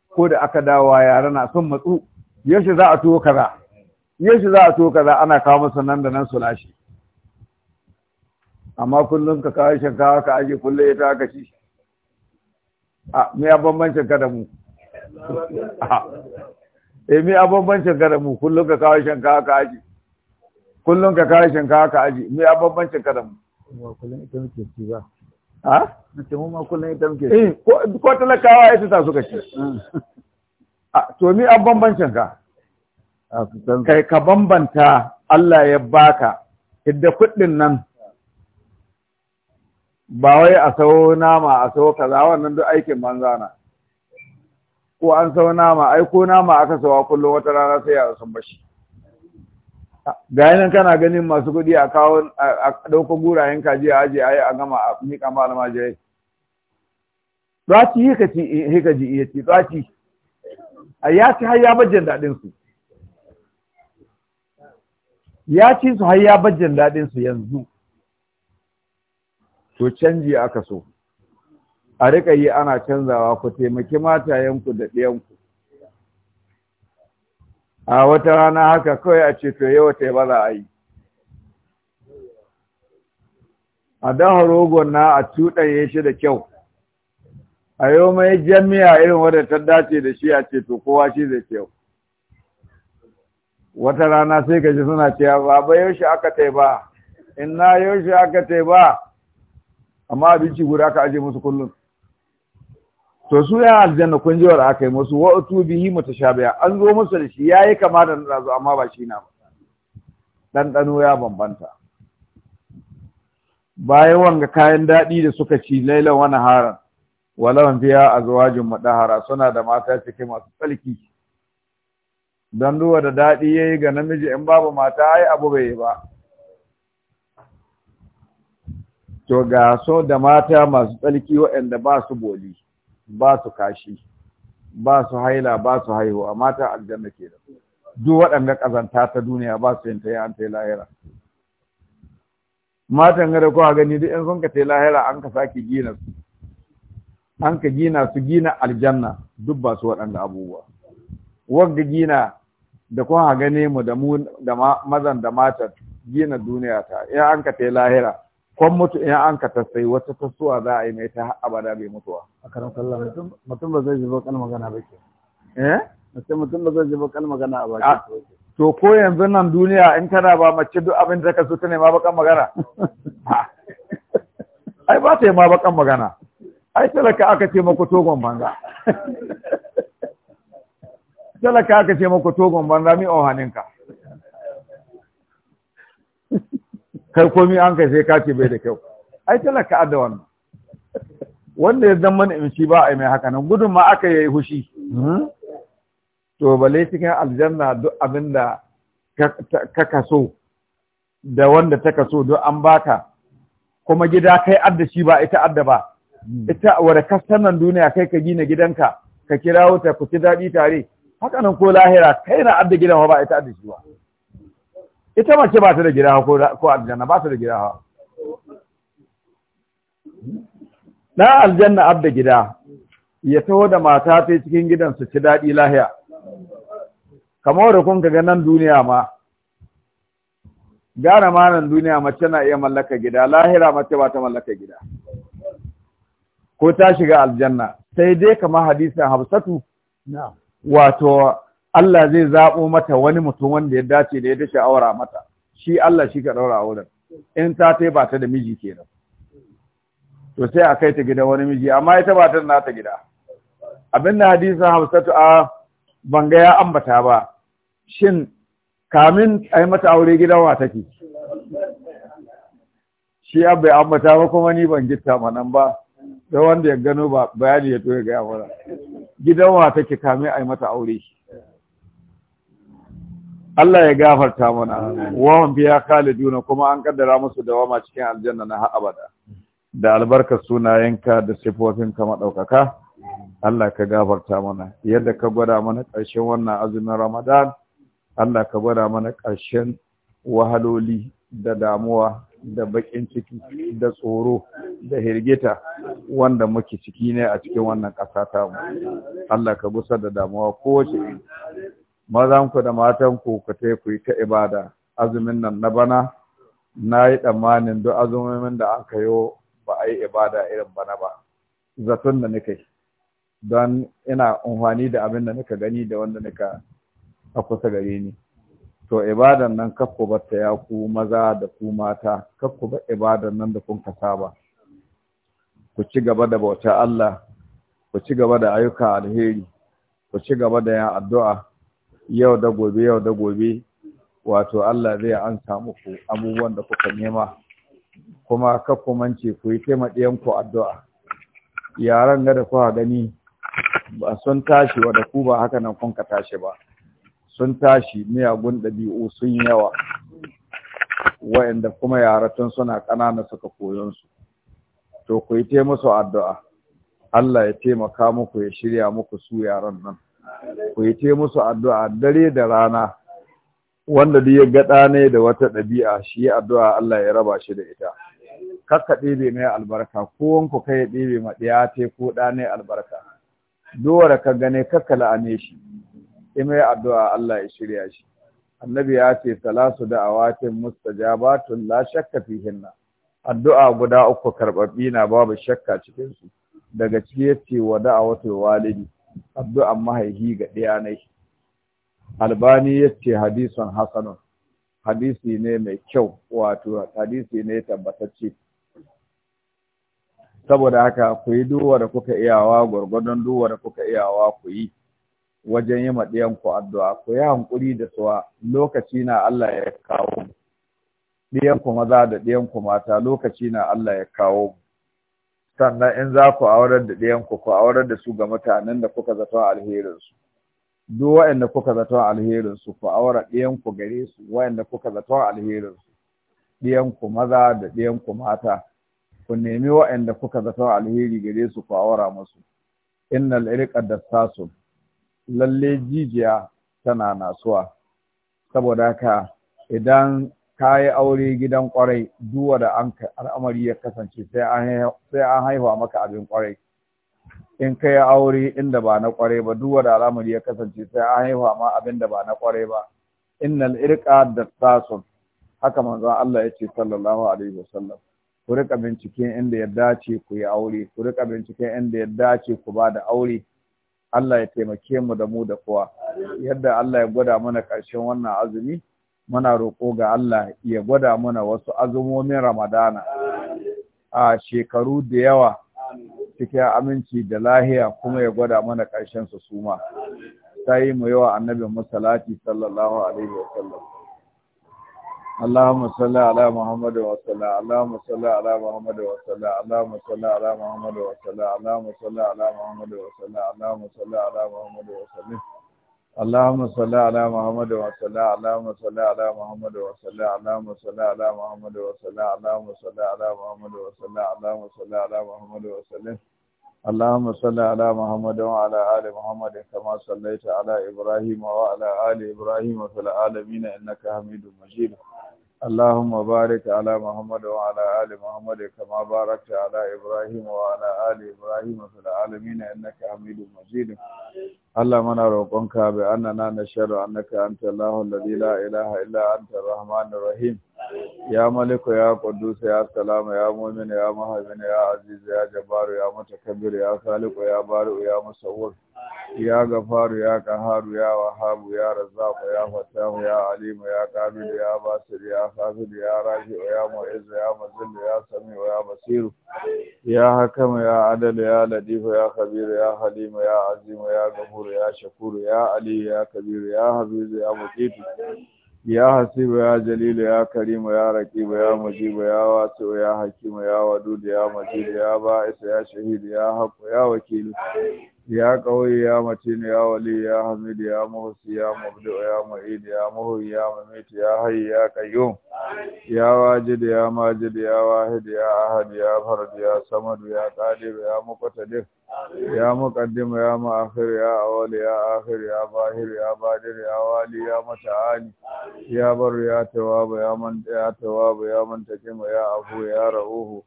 ko da aka dawo yara na son matsu yaushe za a tuwo kaza shi za a so kaza ana kawo masa nan da nan su lashe amma kullum ka kawo shankawa ka aje kullum ya ta kashi a mai ya ka da mu eh, E mai ya ka da mu kullum ka kawo shankawa ka aje kullum ka kawo shankawa ka aje mai ya ka da mu kullum ita muke ci ba a mu ma kullum ita muke ci eh, ko talakawa ita ta suka ci mm. a to mi an bambancin ka kai ka bambanta Allah ya baka hidda kuɗin nan ba wai a sau nama a sau kaza wannan duk aikin banza na ko an sau nama ai ko nama aka sawa kullum wata rana sai a sun bashi ga nan kana ganin masu kuɗi a kawo a ɗauko gurayen kaji a a yi a gama a miƙa ma almajirai Tsaci hika ji iya ci tsaci a ya ci har ya bajin daɗin su ya ci su har ya bajin daɗin su yanzu to canji aka so a rika yi ana canzawa ku taimaki matayenku da ɗiyanku a wata rana haka kawai a ce to yau ta ba za a yi a daha rogon na a cuɗanye shi da kyau a yau mai jami'a irin wadda ta dace da shi a ce to kowa shi zai kyau wata rana sai ka ji suna cewa baba yaushe aka tai ba inna yaushe aka tai ba amma abinci guda aka aje musu kullum to su ya aljanna kun jiwar aka yi musu wa utu bihi mutashabiha an zo musu da shi yayi kama da na zo amma ba shi na ba dan ya bambanta bayan wanga kayan daɗi da suka ci lailan wani haran ya biya azwajin maɗahara suna da mata cike masu tsalki don ruwa da daɗi ya yi ga namiji in babu mata ai abu bai yi ba to ga so da mata masu tsarki waɗanda ba su boli ba su kashi ba su haila ba su haihuwa mata aljanna ke da duk waɗanda ƙazanta ta duniya ba su yin ta yi an ta yi lahira matan ga ko kowa gani duk in sun ka ta yi lahira an ka sake gina su an ka gina su gina aljanna duk ba su waɗanda abubuwa da gina da kuma gane mu da mu da mazan da matan gina duniya ta in an ka tai lahira kon mutu in an ka tasai wata tasuwa za a yi mai ta abada bai mutuwa a karan kallon mutum ba zai ji bakal magana ba ke eh mutum ba zai ji bakal magana ah, ba ke. to ko yanzu nan duniya in kana ba mace duk abin da ka so ta nema bakan magana ah. ai ba ta yi ma bakan magana ai talaka aka ce mako togon banza talaka aka ce maka togon banza mi ohaninka kai komi an kai sai ka ce bai da kyau ai talaka adda wannan wanda ya zama in shi ba a yi mai haka nan gudun ma aka yi hushi hmm? to bale cikin aljanna duk abinda ka kaso da wanda ta kaso duk an baka kuma gida kai adda shi ba ita adda ba hmm. ita wadda kasan nan duniya kai ka gina gidanka ka kira wuta ku ci daɗi tare haka nan ko lahira kai na adda gidan ba ita adda shi ba ita mace ba ta da gida ko aljanna ba ta da gida ha na aljanna adda gida ya taho da mata ta cikin gidan su ci dadi lahiya kamar da kun ga nan duniya ma gara ma nan duniya mace na iya mallaka gida lahira mace ba ta mallaka gida ko ta shiga aljanna sai dai kamar hadisin hafsatu na'am wato Allah zai zaɓo mata wani mutum wanda ya dace da ya dace aura mata shi Allah shi ka ɗaura auren in ta ta ba ta da miji kenan to sai a kai ta gida wani miji amma ita ba ta na ta gida abin da hadisin hausatu a banga ya ambata ba shin kamin a yi mata aure gidan wa take shi abai ambata ba kuma ni ban gitta nan ba da wanda ya gano ba bayani ya ya gaya mana gidan wa take kame a yi mata aure Allah ya gafarta mana wawan biya khaliduna kuma an kaddara musu wama cikin aljanna na har abada da albarka, sunayenka da sifofin ka madaukaka Allah ka gafarta mana yadda ka gwada mana ƙarshen wannan azumin Ramadan Allah ka gwada mana ƙarshen wahaloli da damuwa da bakin ciki da tsoro da hirgita wanda muke ciki ne a cikin wannan ƙasa ta mu Allah ka gusa da damuwa kowace iri mazan ku da matan ku ku tai ku ta ibada azumin nan na bana na yi tsammanin duk azumin da aka yi ba a yi ibada irin bana ba zaton da nake don ina umfani da abin da nika gani da wanda nika a kusa gare ni to ibadan nan kakku batta ya ku maza da ku mata kakku ba ibadan nan da kun saba ku ci gaba da bauta Allah ku ci gaba da ayyukan alheri ku ci gaba da yin addu'a yau da gobe yau da gobe wato Allah zai an samu ku abubuwan da kuka nema kuma kakku mance ku yi ɗiyan ku addu'a yaran ga da kuka gani ba sun tashi wa da ku ba haka nan kun ka tashi ba sun tashi miyagun ɗabi'u sun yawa wa'anda kuma yaratun suna ƙanana suka koyon su to ku yi te musu addu'a Allah ya taimaka muku ya shirya muku su yaran nan ku yi te musu addu'a dare da rana wanda duk ya gaɗa ne da wata ɗabi'a shi yi addu'a Allah ya raba shi da ita kakka ɗebe mai albarka ko wanku kai ɗebe ma ɗiya te ko ɗa albarka dole ka gane kakka la'ane shi mai addu'a Allah ya shirya shi annabi ya ce salasu da'awatin mustajabatun la shakka fihinna addu'a guda uku karbabbi na babu shakka cikin su daga ciki yace wa da'awatul walidi addu'a mahaihi ga ɗaya ne albani yace hadisun hasanun hadisi ne mai kyau wato hadisi ne tabbatacce saboda haka ku yi duwa da kuka iyawa gwargwadon duwa da kuka iyawa ku yi wajen yi ku addu'a ku yi hankuri da suwa lokaci na Allah ya kawo mu ɗiyanku maza da ɗiyanku mata lokaci na Allah ya kawo mu sannan in za ku aurar da ɗiyanku ku aurar da su ga mutanen da kuka zaton alherinsu duk waɗanda kuka zaton alherinsu ku aura ɗiyanku gare su waɗanda kuka zaton alherinsu ɗiyanku maza da ɗiyanku mata ku nemi waɗanda kuka zato alheri gare su ku aura musu innal irqa dassasun lalle jijiya tana nasuwa saboda haka idan ka yi aure gidan kwarai duwa da an al'amari ya kasance sai an haihuwa maka abin kwarai in ka yi aure inda ba na kwarai ba duwa da al'amari ya kasance sai an haihuwa ma abin da ba na kwarai ba innal irqa da tasun haka manzon Allah ya ce sallallahu alaihi wasallam ku rika binciken inda ya dace ku yi aure ku rika binciken inda ya dace ku ba da aure Allah ya taimake mu da mu da kowa yadda Allah ya gwada mana ƙarshen wannan azumi muna roƙo ga Allah ya gwada mana wasu azumomin Ramadana a shekaru da yawa cikin aminci da lahiya kuma ya gwada mana ƙarshen su suma Ta yi mu yawa annabin masalati sallallahu alaihi wa sallam. اللهم صل على محمد وصلى اللهم صل على محمد وصلى اللهم صل على محمد وصلى اللهم صل على محمد وصلى اللهم صل على محمد وصلى اللهم صل على محمد وصلى اللهم صل على محمد وصلى اللهم صل على محمد وصلى اللهم صل على محمد وصلى اللهم صل على محمد وسلم اللهم صل على محمد وعلى آل محمد كما صليت على إبراهيم وعلى آل إبراهيم في العالمين إنك حميد مجيد اللهم بارك على محمد وعلى آل محمد كما باركت على إبراهيم وعلى آل إبراهيم في العالمين إنك حميد مجيد اللهم أنا روقنك بأننا نشهد أنك أنت الله الذي لا إله إلا أنت الرحمن الرحيم ya maliku ya kudus ya salama ya mu'min ya muhaimin ya aziz ya jabbar ya mutakabbir ya khaliq ya bari ya musawwir ya ghafaru ya qaharu ya wahhab ya razzaq ya fattah ya alimu ya qabil ya basir ya hafid ya rafi ya mu'izz ya muzill ya sami ya basir ya hakam ya adal ya latif ya khabir ya halim ya azim ya ghafur ya shakur ya ali ya kabir ya hafiz ya muqit ya hasibu ya jalilu ya karimu ya raqibu ya mujibu ya wasu ya hakimu ya wadudu ya majidu ya ba'is ya shahidu ya haqqu ya wakilu يا قوي يا متين يا ولي يا حميد يا موسي يا مبدع يا معيد يا مهو يا مميت يا حي يا قيوم يا واجد يا ماجد يا واحد يا احد يا فرد يا صمد يا قادر يا مقتدر يا مقدم يا مؤخر يا اول يا اخر يا باهر يا بادر يا والي يا متعالي يا بر يا تواب يا من يا تواب يا منتقم يا عفو يا رؤوف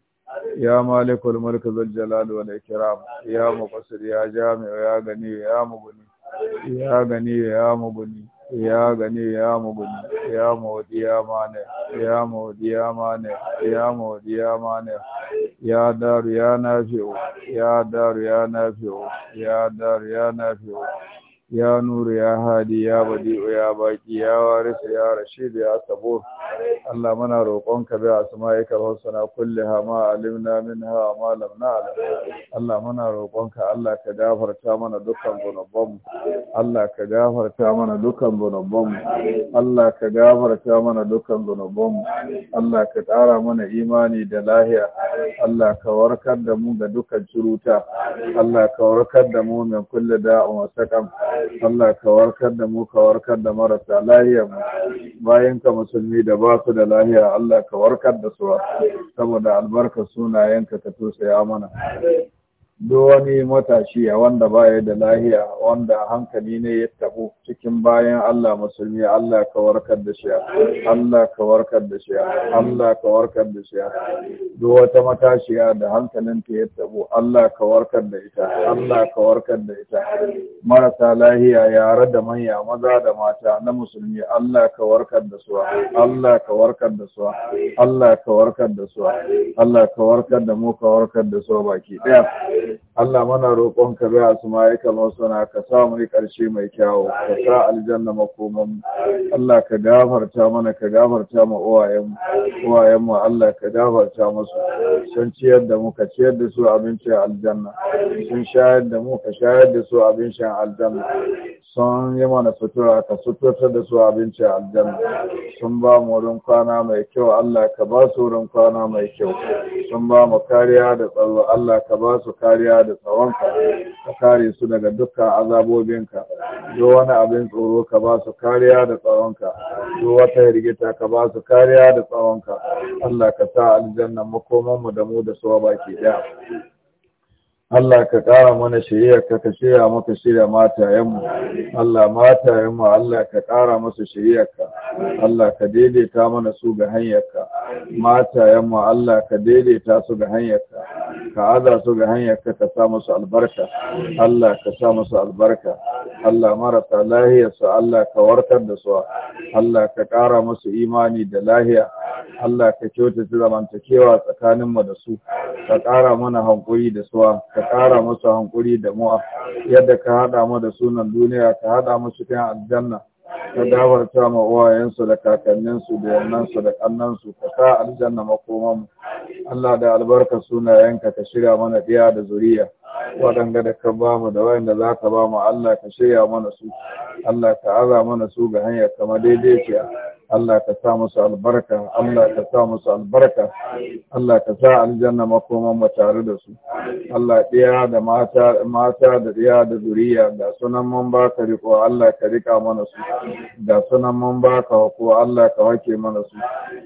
يا مالك الملك ذو الجلال والإكرام يا مقصر يا جامع يا غني يا مبني يا غني يا مبني يا غني يا مبني يا مودي يا مانع يا مودي يا مانع يا مودي يا مانع يا دار يا نافع يا دار يا نافع يا دار يا نافع يا نور يا هادي يا بديع يا باقي يا وارث يا رشيد يا صبور الله منا روقونك بأسمائك الحسنى كلها ما علمنا منها وما لم نعلم الله منا روقونك الله كدافر تامنا دكان بنبم الله كدافر تامنا دكان بنبم الله كدافر تامنا دكان بنبم Allah ka ƙara mana imani da lahiya Allah ka warkar da mu da dukkan curuta Allah ka warkar da mu min kulli da'un wa saqam Allah ka warkar da mu ka warkar da marasa lahiya mu bayan ka musulmi da ba su da lahiya Allah ka warkar da su saboda albarkar sunayenka ka tosaya mana duk wani matashi wanda baya da lahiya wanda hankali ne ya tabo cikin bayan Allah musulmi Allah ka warkar da shi Allah ka warkar da shi Allah ka warkar da shi duk wata matashiya da hankalin ta ya tabo Allah ka warkar da ita Allah ka warkar da ita marasa lahiya yare da manya maza da mata na musulmi Allah ka warkar da su Allah ka warkar da su Allah ka warkar da su Allah ka warkar da mu ka warkar da su baki ɗaya. Allah mana roƙon ka biya asuma ya kama suna ka sa mu ƙarshe mai kyawu ka sa aljanna makoman Allah ka gafarta mana ka gafarta ma uwayen uwayen mu Allah ka gafarta musu sun ciyar da mu ka ciyar da su abincin aljanna sun shayar da mu ka shayar da su abincin aljanna sun yi mana sutura ka suturta da su abinci a aljanna sun ba mu wurin kwana mai kyau Allah ka ba su wurin kwana mai kyau sun ba mu kariya da tsaro Allah ka ba su kariya da tsawonka ka kare su daga dukkan azabobinka duk wani abin tsoro ka ba su kariya da tsawonka duk wata rigita ka ba su kariya da tsawonka Allah ka sa aljanna makomanmu da mu da su baki daya Allah ka ƙara mana shirya ka ka shirya maka shirya matayenmu Allah matayenmu Allah ka ƙara masa shiryarka Allah ka daidaita mana su ga hanyarka matayenmu Allah ka daidaita su ga hanyarka ka aza su ga hanyarka ka sa musu albarka Allah ka sa musu albarka Allah marasa lahiyarsu Allah ka warkar da su Allah ka ƙara musu imani da lahiya Allah ka kyautata zamantakewa tsakaninmu da su ka ƙara mana hankuri da su ka ƙara musu hankuri da mu'a yadda ka haɗa mu da sunan duniya ka haɗa mu cikin aljanna ka gafarta ma uwayensu da kakanninsu da yannansu da kannansu ka sa aljanna makomanmu Allah da albarka sunayenka ka shirya mana ɗiya da zuriya waɗanda da ka ba mu da wayanda za ka ba mu Allah ka shirya mana su Allah ka aza mana su ga hanya kama daidai daidaiciya Allah ka sa musu albarka Allah ka sa musu albarka Allah ka sa aljanna makoman mu tare da su Allah ɗiya da mata mata da ɗiya da zuriya ga sunan mun ka riko Allah ka rika mana su ga sunan mun baka hako Allah ka wake mana su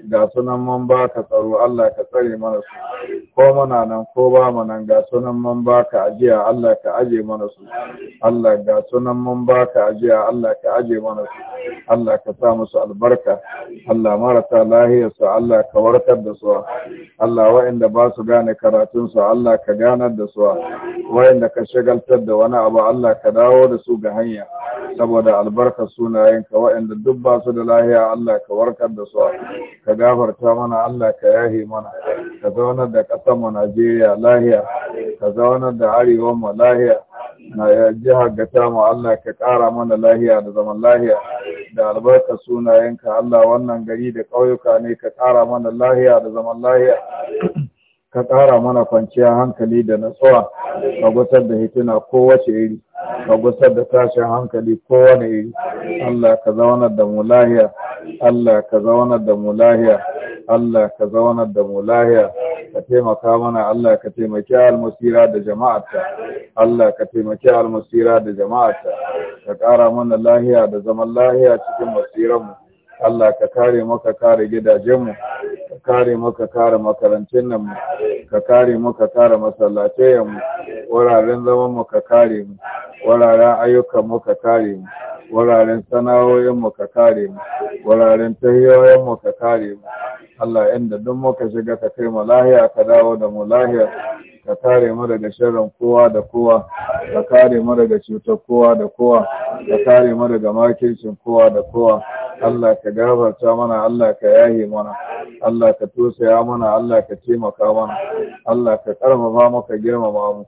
ga sunan mun baka tsaro Allah ka tsare mana su ko muna nan ko ba mu nan ga sunan mun baka baka ajiya Allah ka aje mana su Allah ga sunan mun baka ajiya Allah ka aje mana su Allah ka sa musu albarka Allah marasa lahiyar su Allah ka warkar da su Allah wa'anda ba su gane karatun su Allah ka ganar da su wa'anda ka shagaltar da wani abu Allah ka dawo da su ga hanya saboda albarka albarkar ka wa'anda duk ba su da lahiya Allah ka warkar da su ka gafarta mana Allah ka yahi mana ka zauna da ƙasar mu Najeriya lahiya ka zauna da da arewa mu lahiya na jihar gata mu Allah ka ƙara mana lahiya da zaman lahiya da albarka sunayenka Allah wannan gari da ƙauyuka ne ka ƙara mana lahiya da zaman lahiya ka ƙara mana kwanciyar hankali da natsuwa ka gusar da ko kowace iri ka gusar da tashin hankali kowane iri Allah ka zaunar da mu lahiya Allah ka zaunar da mu lahiya Allah ka zaunar da mu lahiya ka taimaka mana Allah ka taimaki almasira da jama'arta Allah ka taimaki almasira da jama'arta ka ƙara mana lahiya da zaman lahiya cikin musiranmu Allah ka kare maka kare gidajenmu ka kare mu ka kare makarantun nan mu ka kare mu ka kare masallatayen mu wuraren zaman mu ka kare mu wuraren ayyukan mu ka kare mu wuraren sana'o'in mu ka kare mu wuraren tahiyoyin mu ka kare mu Allah inda duk muka shiga ka kai mu lahiya ka dawo da mu lahiya ka kare mu daga sharrin kowa da kowa ka kare mu daga cutar kowa da kowa ka kare mu daga makircin kowa da kowa Allah ka gafarta mana Allah ka yahi mana Allah Allah ka tosaya mana Allah ka taimaka mana Allah ka karfafa maka girmama mu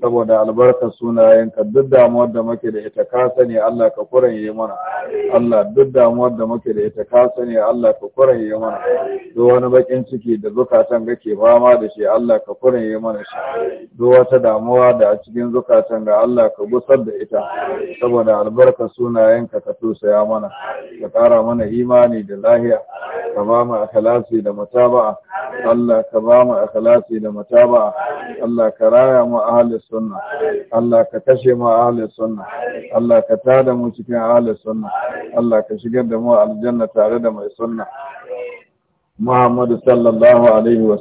saboda albarkar sunayenka duk damuwar da muke da ita ka sani Allah ka kuraye mana Allah duk damuwar da muke da ita ka sani Allah ka kuraye mana duk wani bakin ciki da zukatan kake fama da shi Allah ka kuraye mana shi duk wata damuwa da a cikin zukatan ga Allah ka gusar da ita saboda albarka sunayenka ka tusaya mana ka kara mana imani da lahiya ka ba mu akhlasi da mutaba'a Allah ka ba mu akhlasi da mutaba'a Allah ka raya mu ahli sunna Allah ka kashe mu ahli sunna Allah ka tada mu cikin ahli sunna Allah ka shigar da mu aljanna tare da mai sunna Muhammadu sallallahu alaihi wa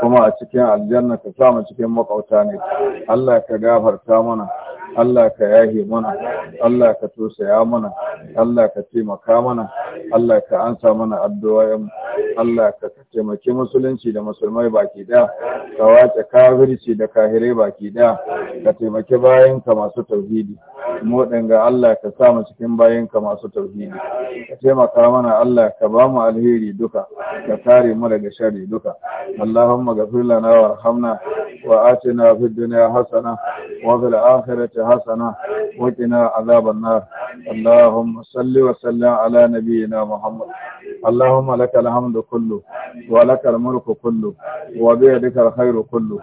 kuma a cikin aljanna ka sa mu cikin makauta ne Allah ka gafarta mana Allah ka yahe mana Allah ka tosaya mana Allah ka taimaka mana Allah ka ansa mana addu'o'in Allah ka taimaki musulunci da musulmai baki da ka wace kafirci da kahirai baki da ka taimaki bayanka masu tauhidi mu ga Allah ka sa mu cikin bayanka masu tauhidi ka taimaka mana Allah ka ba mu alheri duka ka kare mu daga shari duka Allahumma ghafir lana warhamna wa atina fid dunya hasana wa fil akhirati حسنة وقنا عذاب النار اللهم صل وسلم على نبينا محمد اللهم لك الحمد كله ولك الملك كله وبيدك الخير كله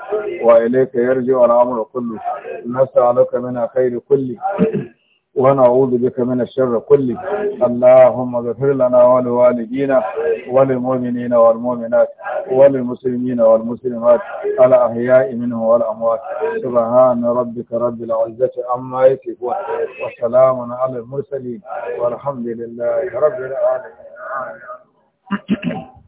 وإليك يرجع الأمر كله نسألك من خير كله ونعوذ بك من الشر كله اللهم اغفر لنا ولوالدينا وللمؤمنين والمؤمنات وللمسلمين والمسلمات الأحياء منهم والأموات سبحان ربك رب العزة عما يصفون وسلام على المرسلين والحمد لله رب العالمين